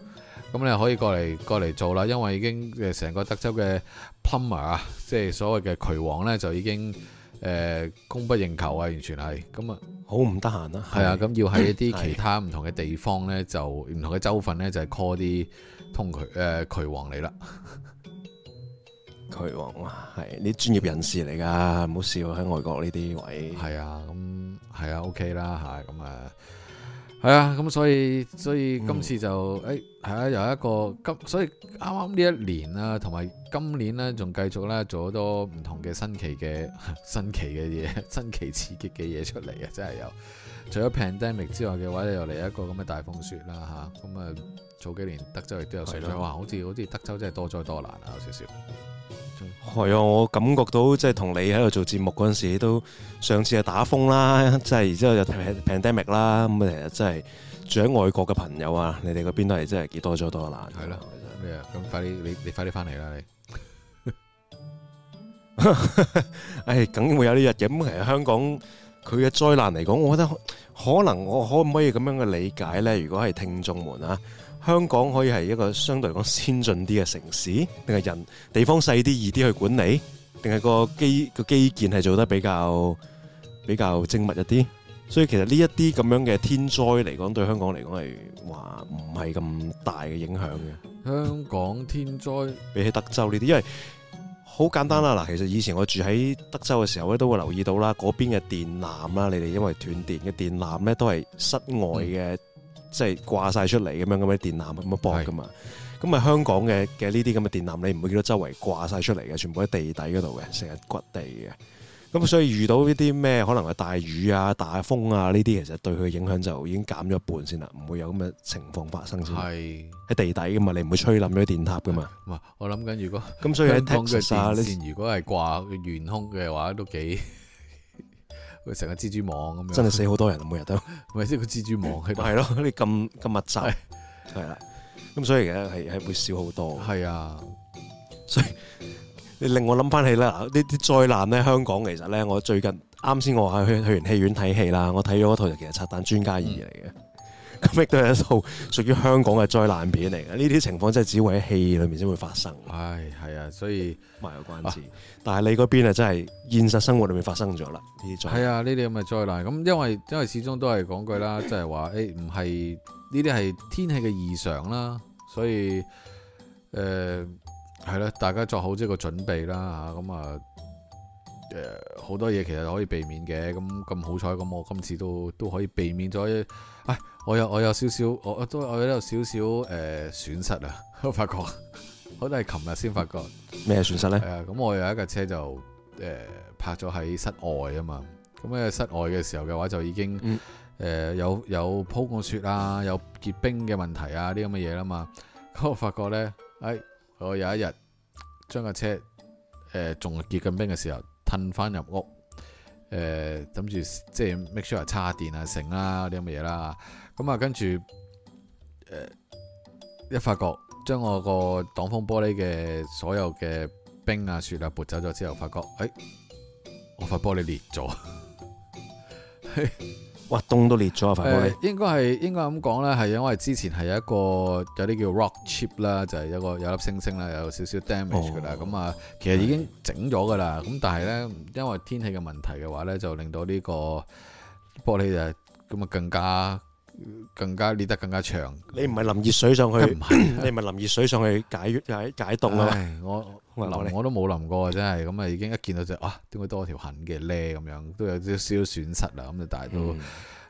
咁你可以過嚟過嚟做啦，因為已經成個德州嘅 plumber 啊，即係所謂嘅渠王呢，就已經誒供不應求啊，完全係咁啊，好唔得閒啊，係啊，咁要喺一啲其他唔同嘅地方呢 [LAUGHS] 的，就唔同嘅州份呢，就係 call 啲通渠誒渠王嚟啦。佢哇，係呢專業人士嚟噶，唔好笑喺外國呢啲位。係啊，咁係啊，OK 啦，係咁啊，係啊，咁、啊、所以所以今次就誒係、嗯哎、啊，又一個今所以啱啱呢一年啊，同埋今年咧，仲繼續咧做好多唔同嘅新奇嘅新奇嘅嘢，新奇刺激嘅嘢出嚟啊，真係有。除咗 pandemic 之外嘅話，又嚟一個咁嘅大風雪啦，吓，咁啊，早幾年德州亦都有水災，哇的，好似好似德州真係多災多難啊，有少少。係啊，我感覺到即係同你喺度做節目嗰陣時，都上次就打風啦，即係然之後就 pandemic 啦，咁其實真係住喺外國嘅朋友啊，你哋嗰邊都係真係幾多災多難。係啦了，咩啊的？咁快啲，你你快啲翻嚟啦！你，唉，梗、 [LAUGHS] [LAUGHS] 哎、會有呢日嘅。咁其實香港佢嘅災難嚟講，我覺得可能我可唔可以咁樣嘅理解咧？如果係聽眾們啊。香港可以係一個相對嚟講先進啲嘅城市，定係人地方細啲易啲去管理，定係個基個基建係做得比較比較精密一啲，所以其實呢一啲咁樣嘅天災嚟講，對香港嚟講係話唔係咁大嘅影響嘅。香港天災比起德州呢啲，因為好簡單啦嗱。其實以前我住喺德州嘅時候咧，都會留意到啦，嗰邊嘅電纜啦，你哋因為斷電嘅電纜咧，都係室外嘅。即係掛晒出嚟咁樣咁嘅電纜咁樣駁噶嘛，咁啊的香港嘅嘅呢啲咁嘅電纜你唔會見到周圍掛晒出嚟嘅，全部喺地底嗰度嘅，成日掘地嘅。咁的所以遇到呢啲咩可能係大雨啊、大風啊呢啲，其實對佢影響就已經減咗一半先啦，唔會有咁嘅情況發生先。係喺的地底噶嘛，你唔會吹冧咗啲電塔噶嘛。我諗緊如果咁所以喺 Texas 如果係掛懸空嘅話，都幾。 [LAUGHS] 會成個蜘蛛網咁樣，真係死好多人 [LAUGHS] 每日都，咪即係個蜘蛛網，係咯，你咁咁密集，係啦，咁所以而家係係會少好多，係啊，所以， [LAUGHS] 的所以你令我諗翻起咧，呢啲災難咧，香港其實咧，我最近啱先我話去去完戲院睇戲啦，我睇咗嗰套就其實《拆彈專家二》嚟嘅、嗯。咁亦都係一套屬於香港嘅災難片嚟嘅，呢啲情況真係只會喺戲裏面先會發生。唉、哎，係啊，所以埋有關之，但係你嗰邊啊，邊真係現實生活裏面發生咗啦，呢啲災難。係啊，呢啲咁嘅災難，咁、啊、因為因為始終都係講句啦，即係話誒，唔係呢啲係天氣嘅異常啦，所以誒係啦，大家做好即係個準備啦嚇，咁啊誒好、啊、多嘢其實可以避免嘅，咁咁好彩，咁我今次都都可以避免咗。我有我有少少，我都我有少少誒、呃、損失啊！我發覺，可能係琴日先發覺咩損失咧？係咁、呃、我有一架車就誒、呃、泊咗喺室外啊嘛。咁咧室外嘅時候嘅話就已經誒、嗯呃、有有鋪過雪啊，有結冰嘅問題啊啲咁嘅嘢啦嘛。咁我發覺咧，誒、哎、我有一日將架車誒仲、呃、結緊冰嘅時候，褪翻入屋誒諗住即係 make sure 叉電啊、剩啊啲咁嘅嘢啦。咁啊，跟住，誒、呃，一發覺將我個擋風玻璃嘅所有嘅冰啊、雪啊撥走咗之後，發覺，誒、哎，我塊玻璃裂咗， [LAUGHS] 哇，凍都裂咗、哎、啊！塊玻璃，誒，應該係應該咁講咧，係因為之前係有一個有啲叫 Rock Chip 啦，就係有個有粒星星啦，有少少 damage 噶啦。咁啊、哦，其實已經整咗噶啦。咁的但係咧，因為天氣嘅問題嘅話咧，就令到呢個玻璃就咁啊，更加。更加捏得更加長，你唔係淋熱水上去， [COUGHS] 你唔係淋熱水上去解解解凍啊？我我,我,來我都冇淋過，真係咁啊！已經一見到就啊，點解多條痕嘅咧？咁樣都有少少損失啊。咁就大都，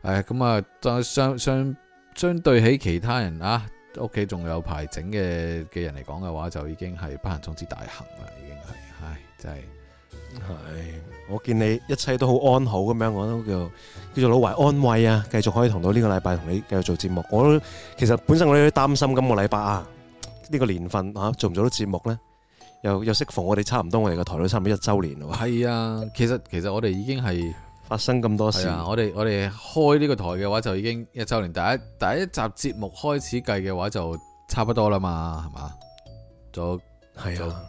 誒咁啊，相相相對起其他人啊，屋企仲有排整嘅嘅人嚟講嘅話，就已經係不幸中之大幸啦，已經係，唉，真係。係，我見你一切都好安好咁樣，我都叫叫做老懷安慰啊。繼續可以同到呢個禮拜同你繼續做節目，我都其實本身我都有擔心今個禮拜啊，呢、這個年份吓、啊、做唔做到節目呢？又又適逢我哋差唔多我哋個台都差唔多，多一周年咯。係啊，其實其實我哋已經係發生咁多事。啊、我哋我哋開呢個台嘅話就已經一周年第一，第一第一集節目開始計嘅話就差不多啦嘛，係嘛？就係啊。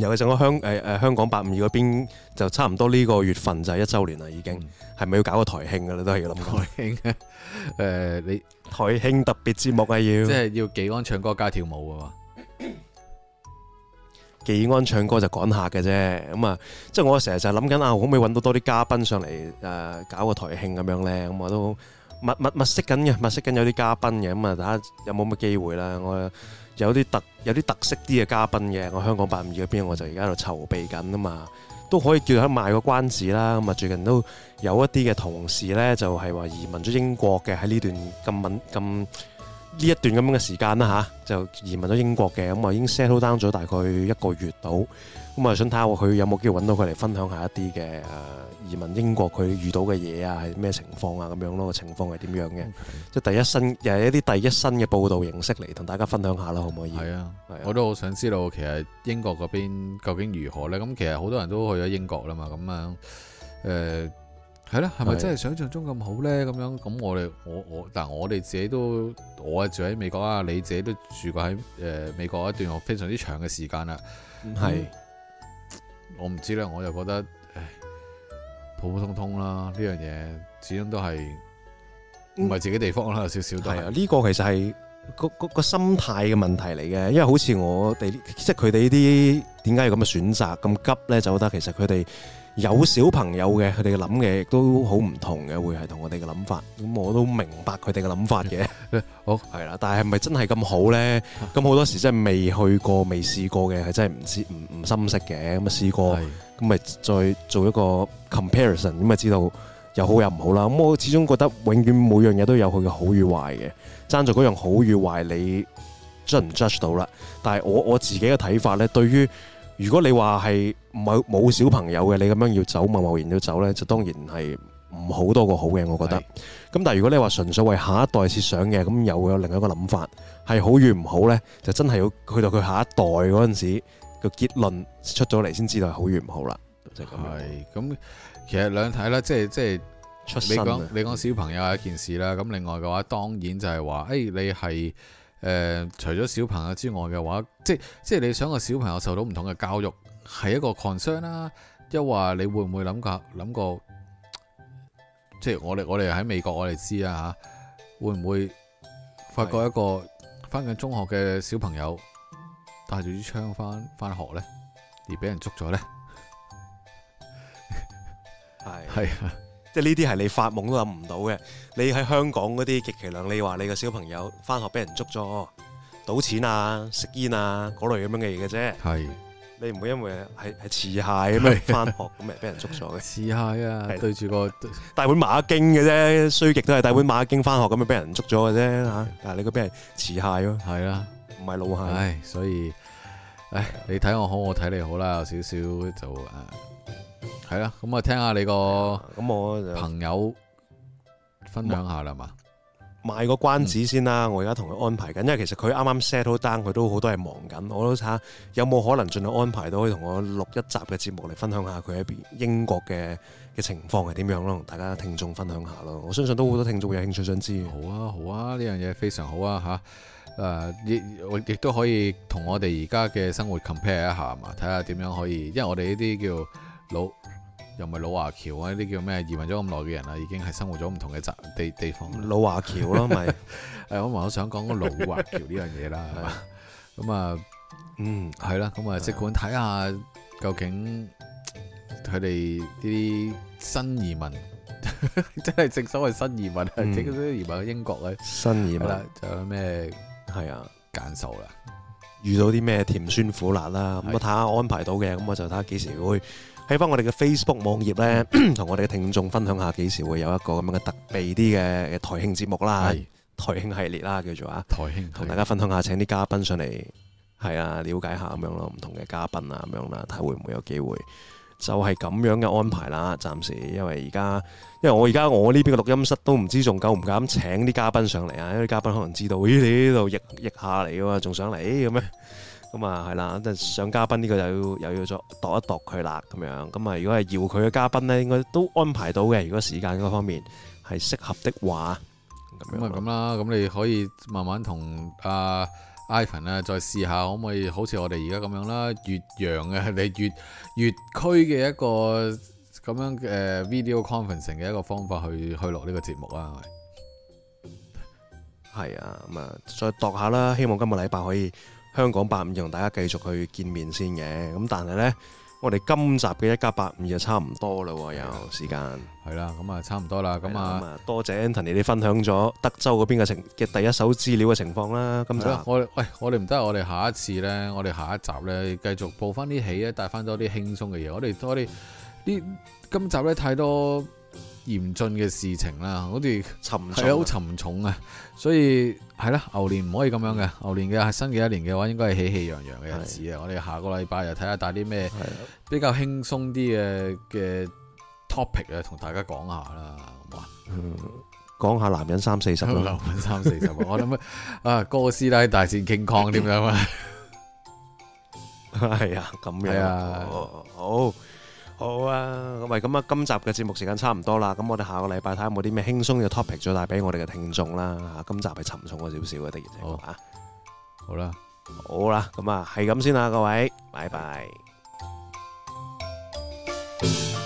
尤其是我香誒誒香港八五二嗰邊就差唔多呢個月份就係一周年啦，已經係咪要搞個台慶噶啦？都係要諗台慶誒，你台慶特別節目係要，即係要技安唱歌加跳舞噶嘛？技安唱歌就講下嘅啫，咁啊，即係我成日就係諗緊啊，可唔可以搵到多啲嘉賓上嚟，誒，搞個台慶咁樣咧？咁啊都密密密識緊嘅，密識緊有啲嘉賓嘅，咁啊大家有冇乜機會啦，我。有啲特有啲特色啲嘅嘉賓嘅，我香港852嗰邊我就而家喺度籌備緊啊嘛，都可以叫佢賣個關子啦。咁啊，最近都有一啲嘅同事呢，就係、是、話移民咗英國嘅喺呢段咁咁呢一段咁樣嘅時間啦嚇、啊，就移民咗英國嘅，咁、嗯、我已經 settle down 咗大概一個月到。咁啊，想睇下佢有冇機會揾到佢嚟分享下一啲嘅誒移民英國佢遇到嘅嘢啊，係咩情況啊咁樣咯？個情況係點樣嘅？Okay. 即係第一身又係一啲第一身嘅報道形式嚟，同大家分享下啦，可唔可以？係啊，啊我都好想知道其實英國嗰邊究竟如何呢？咁其實好多人都去咗英國啦嘛，咁樣誒係啦，係、呃、咪真係想像中咁好呢？咁、啊、樣咁我哋我我，但我哋自己都我住喺美國啦，你自己都住過喺誒美國一段非常之長嘅時間啦，係、啊。我唔知咧，我又覺得，唉，普普通通啦，呢樣嘢，始終都係唔係自己地方啦，有、嗯、少少都係啊。呢個其實係個個個心態嘅問題嚟嘅，因為好似我哋，即係佢哋呢啲點解要咁嘅選擇咁急咧？就覺得其實佢哋。有小朋友嘅佢哋嘅諗嘅亦都好唔同嘅，會係同我哋嘅諗法。咁、嗯、我都明白佢哋嘅諗法嘅。 [LAUGHS] 好，係啦。 [LAUGHS] 但係係咪真係咁好呢？咁好、 [LAUGHS] 嗯、多時真係未去過、未試過嘅，係真係唔知、唔唔深識嘅。咁啊試過，咁咪的、嗯、再做一個 comparison，咁咪知道有好有唔好啦。咁、 [LAUGHS] 嗯、我始終覺得永遠每樣嘢都有佢嘅好與壞嘅。爭在嗰樣好與壞，你 judge 唔 judge 到啦。但係我我自己嘅睇法呢，對於如果你話係冇冇小朋友嘅，你咁樣要走，貿貿然要走呢，就當然係唔好多過好嘅，我覺得。咁是但係如果你話純粹為下一代設想嘅，咁又有另一個諗法，係好與唔好呢？就真係要去到佢下一代嗰陣時個結論出咗嚟，先知道係好與唔好啦。咁、就是，其實兩睇啦，即係即係出你。你講你講小朋友係一件事啦，咁另外嘅話，當然就係話，誒、哎，你係。誒、呃，除咗小朋友之外嘅話，即即係你想個小朋友受到唔同嘅教育，係一個 concern 啦、啊。又話你會唔會諗過諗過？即係我哋我哋喺美國，我哋知啊嚇，會唔會發覺一個翻緊中學嘅小朋友帶住支槍翻翻學呢，而俾人捉咗呢？係 [LAUGHS] 係 Yes. [LAUGHS] 即係呢啲係你發夢都諗唔到嘅，你喺香港嗰啲，極其量你話你個小朋友翻學俾人捉咗，賭錢啊、食煙啊嗰類咁樣嘅嘢嘅啫。係是，你唔會因為係係持械咁樣翻是學咁誒俾人捉咗嘅。持械啊，的對住個帶本馬經嘅啫，衰極都係帶本馬經翻學咁樣俾人捉咗嘅啫吓。但係你個俾人持械咯。係啦、啊，唔係老蟹、啊。所以唉，你睇我好，我睇你好啦，有少少，少就誒。呃係啦，咁、啊、我聽下你個咁我朋友分享下啦，係嘛、嗯？賣個關子先啦，嗯、我而家同佢安排緊，因為其實佢啱啱 settle down，佢都好多係忙緊。我都睇下有冇可能盡量安排到，可以同我錄一集嘅節目嚟分享下佢喺邊英國嘅嘅情況係點樣咯？同大家聽眾分享下咯，我相信都好多聽眾有興趣想知。好啊，好啊，呢樣嘢非常好啊！吓，誒、啊，亦亦都可以同我哋而家嘅生活 compare 一下，嘛？睇下點樣可以，因為我哋呢啲叫老。又唔係老華僑啊！啲叫咩移民咗咁耐嘅人啊？已經係生活咗唔同嘅地地方。老華僑咯，咪誒、 [LAUGHS] 哎，我話我想講個老華僑呢樣嘢啦。咁 [LAUGHS] 的啊，嗯，係啦。咁啊，即管睇下究竟佢哋呢啲新移民， [LAUGHS] 真係正所謂新移民啊，點解、嗯、移民去英國嘅？新移民啦，就有咩？係啊的，感受啦，遇到啲咩甜酸苦辣啦、啊。咁我睇下安排到嘅，咁我就睇下幾時會喺翻我哋嘅 Facebook 網頁呢，同 [COUGHS] 我哋嘅聽眾分享下幾時會有一個咁樣嘅特別啲嘅台慶節目啦，是台慶系列啦叫做啊，台同大家分享下，請啲嘉賓上嚟，係啊，了解下咁樣咯，唔同嘅嘉賓啊咁樣啦，睇會唔會有機會就係、是、咁樣嘅安排啦。暫時因為而家，因為我而家我呢邊嘅錄音室都唔知仲夠唔夠咁請啲嘉賓上嚟啊！因為嘉賓可能知道，咦，你呢度抑下嚟喎，仲上嚟咁咩？咁啊，係、嗯、啦，上嘉賓呢個又要又要再度一度佢啦，咁樣。咁、嗯、啊，如果係邀佢嘅嘉賓呢，應該都安排到嘅。如果時間嗰方面係適合的話，咁啊咁啦。咁你可以慢慢同阿、啊、Ivan 啊再試下，可唔可以好似我哋而家咁樣啦，越洋啊，你越越區嘅一個咁樣嘅、eh, video conferencing 嘅一個方法去去錄呢個節目啊。係咪？係啊，咁啊，再度下啦，希望今個禮拜可以。香港八五，同大家繼續去見面先嘅，咁但係呢，我哋今集嘅一家八五就差唔多啦，又的時間。係啦，咁啊，差唔多啦，咁啊的，麼多謝 Anthony 你分享咗德州嗰邊嘅情嘅第一手資料嘅情況啦。咁，我，喂、哎，我哋唔得，我哋下一次呢，我哋下一集呢，繼續報翻啲喜啊，帶翻多啲輕鬆嘅嘢。我哋，我哋呢今集呢，太多，嚴峻嘅事情啦，好似沉重好沉重啊，所以係啦，牛年唔可以咁樣嘅，牛年嘅新嘅一年嘅話，應該係喜氣洋洋嘅日子啊！的我哋下個禮拜又睇下帶啲咩比較輕鬆啲嘅嘅 topic 啊，同大家講下啦，哇、嗯嗯，講下男人三四十，男人三四十，我諗啊，哥斯拉大戰金剛點樣啊？係 [LAUGHS] 啊， [LAUGHS] 咁嘅啊，好的。哦哦好啊，咁咪咁啊，今集嘅節目時間差唔多啦，咁、嗯、我哋下個禮拜睇下有冇啲咩輕鬆嘅 topic 再帶俾我哋嘅聽眾啦，吓，今集係沉重咗少少嘅，突然，好啊，好啦，好啦，咁啊，係咁先啦，各位，拜拜。嗯